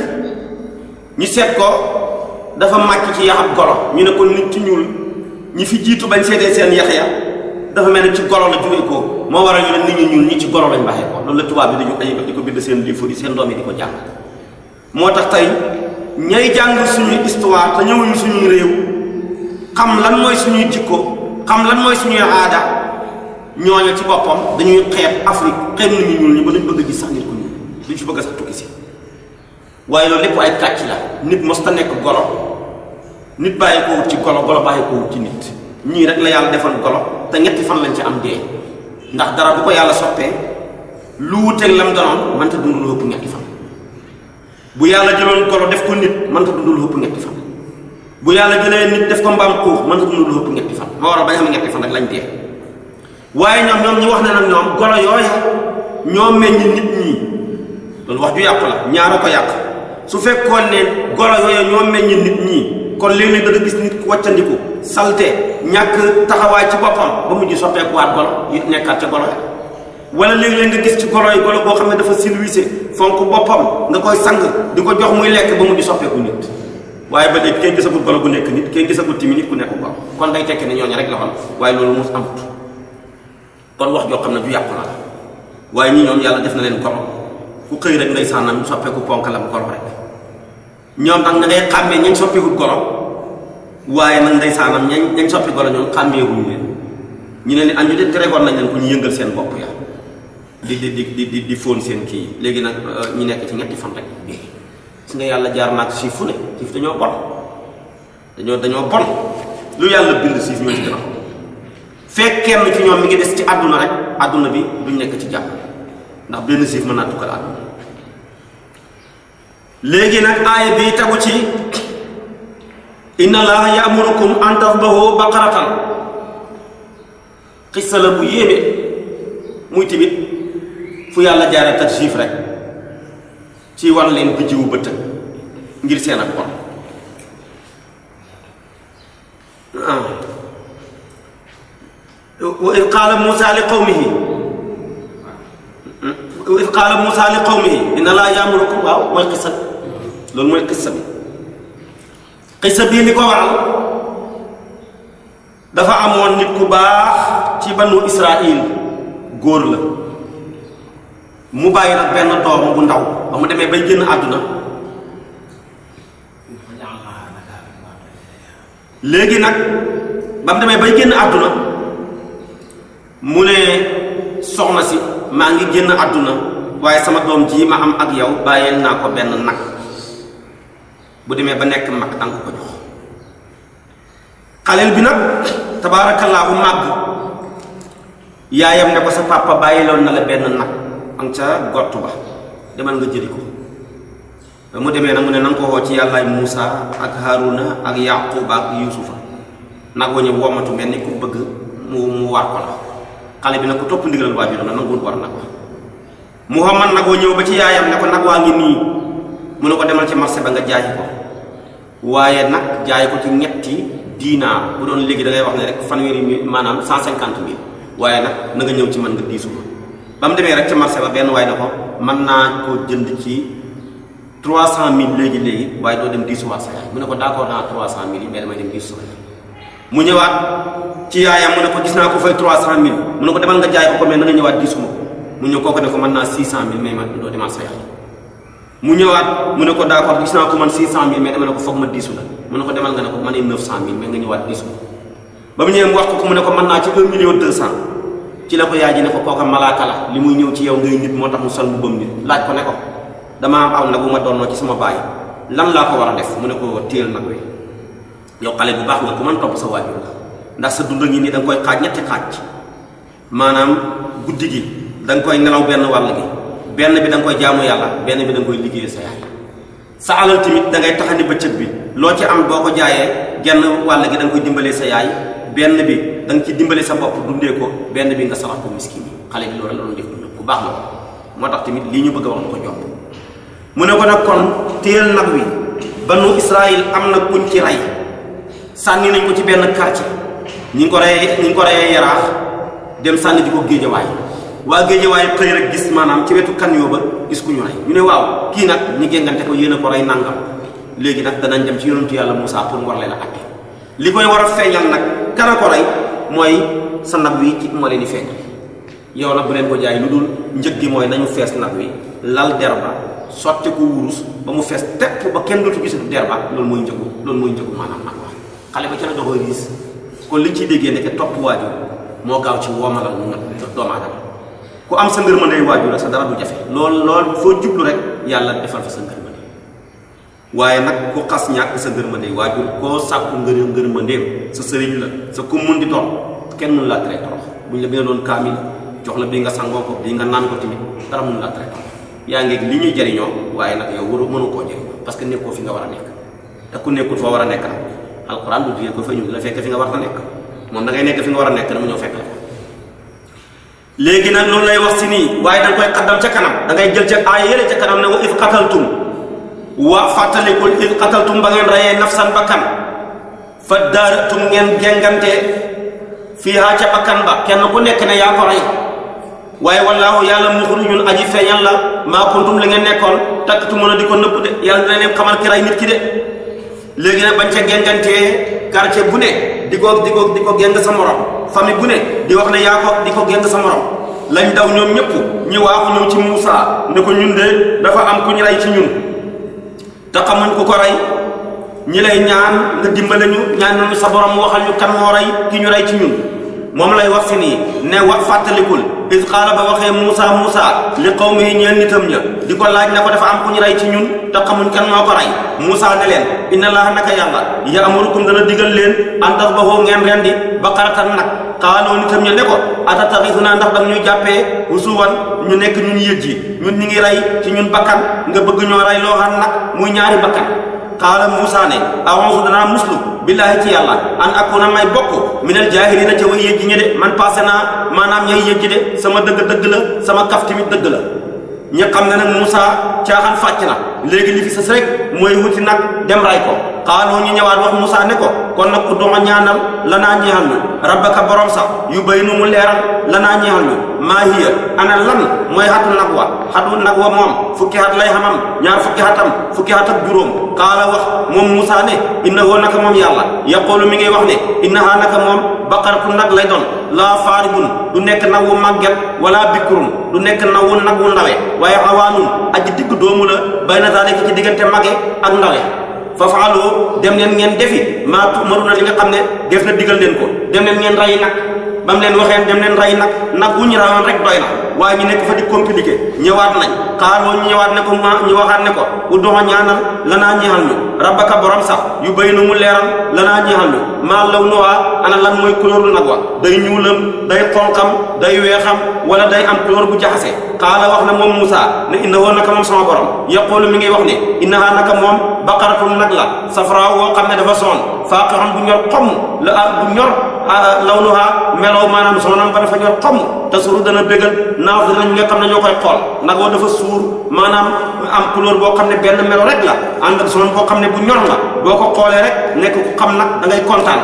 Speaker 1: ñu seet ko dafa màcc ci yaxab golo ñu ne kon nit ci ñuul ñi fi jiitu bañ seetee seen yax ya dafa mel ne ci golo la jógee ko moo waral ñu ne nit ñu ñuul ñi ci golo lañ baxee ko loolu la tubaab bi dañu ayibal di ko bind seen livre yi seen doom yi di ko jàng moo tax tey ñay jàng suñuy histoire te ñëwuñu suñuy réew xam lan mooy suñuy jikko xam lan mooy suñuy aada ñooñu ci boppam dañuy xeeb Afrique xeeb nit ñu ñuul ñi ba gis sax nit ku tukki si waaye loolu lépp ay kàcc la nit mos ta nekk golo nit bàyyi ko ci golo golo bàyyi ko ci nit ñii rek la yàlla defal golo te ñetti fan lañ ci am dee ndax dara bu ko yàlla soppee lu wuteeg lam danoon mënta dund lu ëpp ñetti fan bu yàlla jëloon golo def ko nit mënta dund lu ëpp ñetti fan bu yàlla jëlee nit def ko mbaam xuux mënta dund lu ëpp ñetti fan ba war a bañ am ñetti fan rek lañ dee waaye ñoom ñoom ñu wax ne nag ñoom golo yooya ñoo meññ nit ñi loolu wax ju yàqu la ñaara ko yàq su fekkoon ne golo yooya ñoo meññ nit ñi kon léeg-léeg dana gis nit ku salte ñàkk taxawaay ci boppam ba mujj soppeekuwaat golo yi nekkaat ca golo wala léeg ci golo yi golo boo xam ne dafa silwise fonk boppam nga koy sang di ko jox muy lekk ba mu di soppeeku nit waaye ba léegi kenn gisagul gu nekk nit kenn gisagul timi nit ku nekk golo kon day tekki ne ñooñu rek la xoon waaye loolu mos amut kon wax joo xam ne ju yàqu la waaye ñi ñoom yàlla def na leen golo ku xëy rek ngay sànnam soppeeku ponkalam golo rek ñoom nag na ngay xàmmee ñañ soppeekul golo waaye nag ngay sànnam ñañ ñañ soppi golo ñoom xàmmeewuñu leen ñu ne ni añu ah, de teregoon nañ leen ku ñu yëngal seen bopp ya di di di di di fóon seen kii léegi nag euh, ñu nekk ci ñetti fan rek gis nga yàlla jaar naag siif fu ne siif dañoo bon dañoo dañoo bon lu yàlla bind siif ñoo ci gën fekk kenn ci ñoom mi ngi des ci àdduna rek àdduna bi duñ nekk ci jàpp ndax benn siif mën naa tukkal àdduna léegi nag aaya bi tagu ci inna allaha ya'murukum an tadhbahu baqaratan xissa la bu yéeme muy tamit fu yàlla jaare tarjif rek ci wan leen biddiwu bët ngir seen kon wa id qaala Muusaa li qawmihi wa laa yaamurukum waaw mooy xissa loolu mooy xissa bi xissa bii li ko waral dafa amoon nit ku baax ci banu góor la mu bàyyi nag benn doom bu ndaw ba mu demee bay génn àdduna nag ba mu demee bay génn àdduna mu ne soxna si maa ngi génn àdduna waaye sama doom ji ma am ak yow bàyyil naa ko benn nag bu demee ba nekk mag danga ko jox xaleel bi nag tabaarakallaahu màgg yaayam ne ko sa papa bàyyiloon na la benn nag am ca gott ba demal nga jëli ko mu demee na mu ne na ko woo ci yàllaay Muusa ak Haaruna ak Yaquba ak Yuusufa nag wa ñëw womatu mel ni ku bëgg mu mu war ko la xale bi nag ko topp ndigalal waajuram la nanguwul war nag wa Muhammad nag wa ñëw ba ci yaayam ne ko nag waa ngi nii mu ne ko demal ci marché ba nga jaayi ko waaye nag jaay ko ci ñetti diinaar bu doon léegi da ngay wax ne rek fanweeri maanaam cent cinquante mille waaye nag nanga nga ñëw ci man nga diisu ba mu demee rek ca marché ba benn waaye na ko mën naa koo jënd ci trois cent mille léegi léegi waaye doo dem diisuwaat sa yaay mu ne ko d'accord naa trois cent mille yi mais damay dem diisu sama yaay mu ñëwaat ci demal ne ko mën naa mu ne ko d'accord gis naa ko man six cent mille mais dama ne ko foog ma diisu la mu ne ko demal nga ne ko man neuf cent mille mais nga ñëwaat diisu ba mu ñëwee ko mu ne ko mën naa ci un million deux ci la ko yaay ji ne ko kooka malaaka la li muy ñëw ci yow ngay nit moo tax mu sol mu bëm nit laaj ko ne ko dama am aw nag bu ma doonnoo ci sama baay lan laa ko war a def mu ne ko téyel nag wi yow xale bi baax nga ko man topp sa waajur la ndax sa dund ngi nii da nga koy xaaj ñetti xaaj maanaam guddi gi da nga koy nelaw benn wàll gi benn bi danga nga koy jaamu yàlla benn bi da nga koy liggéeyee sa yaay sa alal tamit da ngay taxani bëccëg bi loo ci am boo ko jaayee genn wàll gi koy dimbalee sa yaay benn bi danga nga ci dimbale sa bopp dundee ko benn bi nga sarax ko miskin yi xale bi loolu la doon def ku baax la moo tax tamit lii ñu bëgg a wax na ko jomb mu ne ko nag kon téyel nag wi banu Israël am na kuñ ci rey sànni nañ ko ci benn quartier ñi ngi ko reyee ñi ngi ko reyee yaraax dem sànni ji ko géejawaay waa géejawaay xëy rek gis maanaam ci wetu kan yoo gis ku ñu rey ñu ne waaw kii nag ñi géngante ko yéen ko rey nangam léegi nag danañ dem ci yonentu yàlla Moussa pour mu war leen a atte li koy war a feeñal nag kara ko mooy sa nag wi ci moo leen di feeñ yow nag bu leen ko jaay lu dul njëg gi mooy nañu fees nag wi lal derba sotti ko wurus ba mu fees tepp ba kenn dootu gis derba loolu mooy njëgu loolu mooy njëgu maanaam nag wax xale ba ca la doxoo gis kon li ciy déggee nekk topp waajur moo gaaw ci woomalal nag doomu aadama ku am sa ngërmandey waajur la sa dara du jafe loolu lool foo jublu rek yàlla defal fa sa waaye nag ku xas ñàkk sa ngërmande waajur koo sàkku ngër ngërmandeem sa sëriñ la sa ku mun di doon kenn mun laa tere torox buñ la bindaloon kaamil jox la bii nga sangoo ko bii nga naan ko tamit dara mun laa tere torox yaa ngi li ñuy jariñoo waaye nag yow waru mënu koo jëriñoo parce que nekkoo fi nga war a nekk te ku nekkul foo war a nekk nag alxuraan du digee ko fa ñu la fekk fi nga war a nekk moom da ngay nekk fi nga war a nekk na mu ñëw léegi nag loolu lay wax si nii waaye da ca kanam da ngay jël ca aaya kanam ne wa if qataltum waa fàttalikul in tum ba ngeen rayee nafsan bakkan fa daaratum ngeen gengante fiihaa ca bakkan ba kenn ku nekk ne yaa ko rey waaye wallaahu yàlla muxrijun aji feeñal la maa kuntum la ngeen nekkoon takktu mën a di ko nëbb de yàlla dina leen xamal ki rey nit ki de léegi nag bañ ca gengantee quartier bu ne di ko di ko di ko geng sa morom famille bu ne di wax ne yaa di ko geng sa morom lañ daw ñoom ñëpp ñi waaxu ñëw ci Muusaa ne ko ñun de dafa am ku ñu rey ci ñun te xamuñ ku ko rey ñi lay ñaan nga dimbale ñu ñaan nañu sa borom waxal ñu kan moo rey ki ñu rey ci ñun moom lay wax si nii ne wax fàttalikul is xaala ba waxee Moussa Moussa li xaw mi ñeen nitam ña di ko laaj na ko dafa am ku ñu rey ci ñun te xamuñ kan moo ko rey Moussa ne leen inna laaha naka yàlla ya amurukum dana digal leen ba tasbahu ngeen rendi baqaratan nag xaaloo nitam ña ne ko atataxisunaa ndax danga ñuy jàppee husuwan ñu nekk ñun yëg ji ñun ñu ngi rey ci ñun bakkan nga bëgg ñoo rey loo xam nag muy ñaari bakkan qaala Muusaa ne a'uuzu danaa muslu billaahi ci yàlla an akuna may bokk minal jaahiliina ca way yëjji ñi de man passé naa maanaam ñay yëjji de sama dëgg dëgg la sama kaf tamit dëgg la ñi xam ne nag Muusaa caaxaan fàcc na léegi li fi sës rek mooy wuti nag dem ray ko xaaloo ñu ñëwaat wax Moussa ne ko kon nag ku doxo ñaanal lanaa ñeexal ñu rabbaka borom sax yu bay nu mu leeral lanaa ñeexal ñu maa hiya ana lan mooy xatu nag wa xatu nag wa moom fukki xat lay xamam ñaar fukki xatam fukki xat ak juróom xaala wax moom Moussa ne inna hoo naka moom yàlla yaqoolu mi ngay wax ne inna haa naka moom baqar ku nag lay doon laa faaribun du nekk nag wu màgget wala bikurum du nekk nag wu nag wu ndawe waaye xawaanun aji digg doomu fafaaloo dem leen ngeen defi maa a li nga xam ne def na digal leen ko dem leen ngeen rey nag ba mu leen waxee dem leen rey nag nag bu ñu rawoon rek doy na waaye ñu nekk fa di compliqué ñëwaat nañ xaaloo ñu ñëwaat ne ko ma ñu ne ko u doxa ñaanal lanaa ñeexal ñu rabbaka borom sax yu béy na mu leeral lanaa ñeexal ñu maa law nuwaa ana lan mooy couleur lu nag wa day ñuulam day xonqam day weexam wala day am couleur bu jaxase xaala wax na moom Moussa ne inna woon naka moom sama borom yaqulu mi ngi wax ne innahaa naka moom baqaratun nag la safraa woo xam ne dafa soon faaqihun bu ñor xomm la ah bu ñor lawnuha melow maanaam soonam ba dafa ñor xomm te suru dana bégal naaw dinañ ñi nga xam ne ñoo koy xool nag woo dafa suur maanaam am couleur boo xam ne benn melo rek la ànd ak soon boo xam ne bu ñor la boo ko xoolee rek nekk ku xam nag dangay ngay kontaan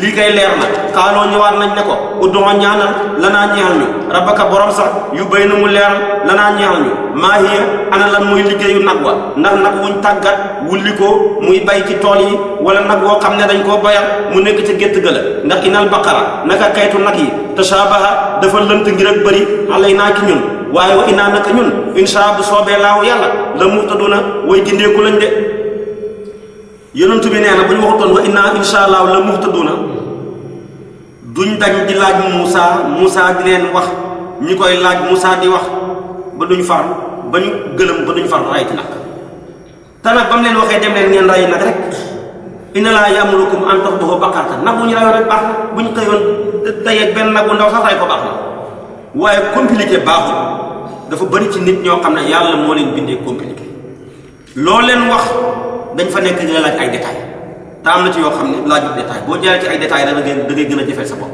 Speaker 1: lii leer na xaaloo ñëwaat nañ ne ko udduxo ñaanal a ñeexal ñu rabbaka borom sax yu bay na mu leeral lanaa ñeexal ñu maa hiya ana lan muy liggéeyu nag wa ndax nag wuñ tàggat wulli ko muy bay ci tool yi wala nag woo xam ne dañ koo bayal mu nekk ca gétt gëla ndax inal baqara naka kaytu nag yi tashabaha dafa lënt ngir ak bëri alay naa ki ñun waaye wa inaa naka ñun insha bu soobee laaw yàlla la muhtaduna way gindeeku lañ de yonent bi nee na bu ñu waxutoon wa inna insha allah la na duñ dañ di laaj Moussa Moussa di leen wax ñi koy laaj Moussa di wax ba duñ far ba ñu gëlëm ba duñ far ray ci nag te nag ba mu leen waxee dem leen ngeen ray nag rek inna laa ya'murukum an tadhbahu baqaratan nag bu ñu rayoon rek baax na bu ñu xëyoon tey benn nag bu ndaw sax ray ko baax na waaye compliqué baaxul dafa bëri ci nit ñoo xam ne yàlla moo leen bindee compliqué loo leen wax. dañ fa nekk di la ay détails te am na ci yoo xam ne laajut détail boo jaaree ci ay détails da ngay da gën a jëfee sa bopp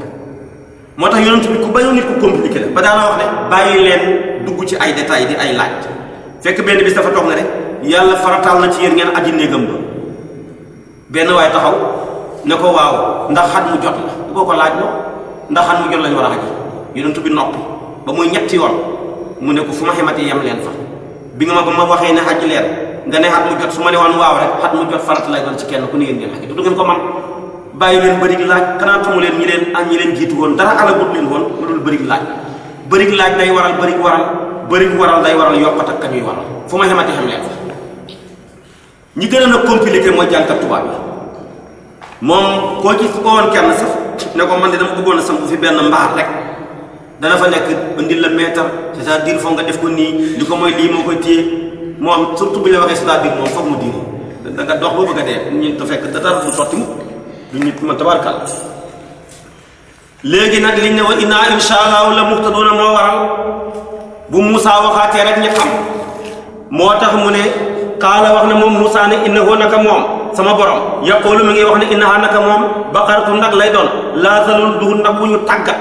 Speaker 1: moo tax yonent bi ku bañoon nit ku compliqué la ba daana ne leen dugg ci ay détails di ay laaj fekk benn bis dafa toog ne rek yàlla na ci yéen ngeen aji néegam ba benn taxaw ne ko waaw ndax xat mu jot la ko laaj loo ndax xam mu jot lañu war a aji yonent bi noppi ba muy ñetti yoon mu ne ko fu ma xamati yem leen fa bi nga ma ba ma waxee ne aji leen nga ne xat mu jot su ma ne woon waaw rek xat mu jot farata lay doon ci kenn ku ne ngeen xaj du ko bàyyi leen bërig laaj xanaa leen ñi leen ak ñi jiitu woon dara alagut leen woon lu dul bërig laaj bërig laaj day waral bërig waral bërig waral day waral yokkat ak kañuy waral fu ma xamati xam leen fa ñi gën a na compliqué mooy jànkat tubaab yi moom koo ci ko woon kenn sax ne ko man de dama bëggoon a samp fi benn mbaar rek dana fa nekk indil la mètre c'est-à-dire foog nga def ko nii li ko mooy lii moo koy téye moom surtout bu la waxee c'est-à-dire moom foog mu diine da dox ba bëgg a dee ñun te fekk da dara du sotti mu du nit man tabarkàlla léegi nag li ne wa innaa insha allahu la muhtaduna moo waral bu Moussa waxaatee rek ñu xam moo tax mu ne kaala wax ne moom Moussa ne innahu naka moom sama borom yaqulu mi ngi wax ne innaha naka moom baqaratun nag lay doon laa zalul du nag bu ñu tàggat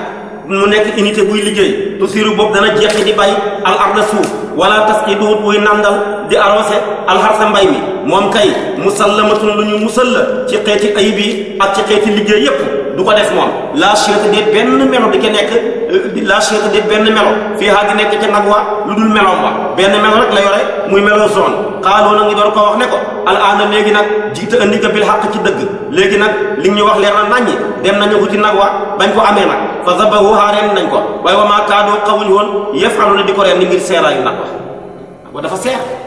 Speaker 1: mu nekk unité buy liggéey tu boobu dana jeexi di bay al arda suuf wala tas i duhut buy nàndal di arrosé alxarsa mbay mi moom kay musallamatun lu ñu musal la ci xeeti ayib yi ak ci xeeti liggéey yépp du ko def moom la chete di benn melo di ke nekk euh, la chete di benn melo fii haa nekk ca nag wa lu dul meloom wa benn melo rek la yore muy melo zone xaaloo na ngi doon ko wax ne ko al aana léegi nag jiita andi ka bil xaq ci dëgg léegi nag li ñu wax leer na naññi dem nañu ko ci nag wa bañ ko amee nag fa zabahuha reen nañ ko waaye wa maa kaadoo xawuñ woon yëf alu na di ko reen ni ngir seeraayu nag wax dafa seer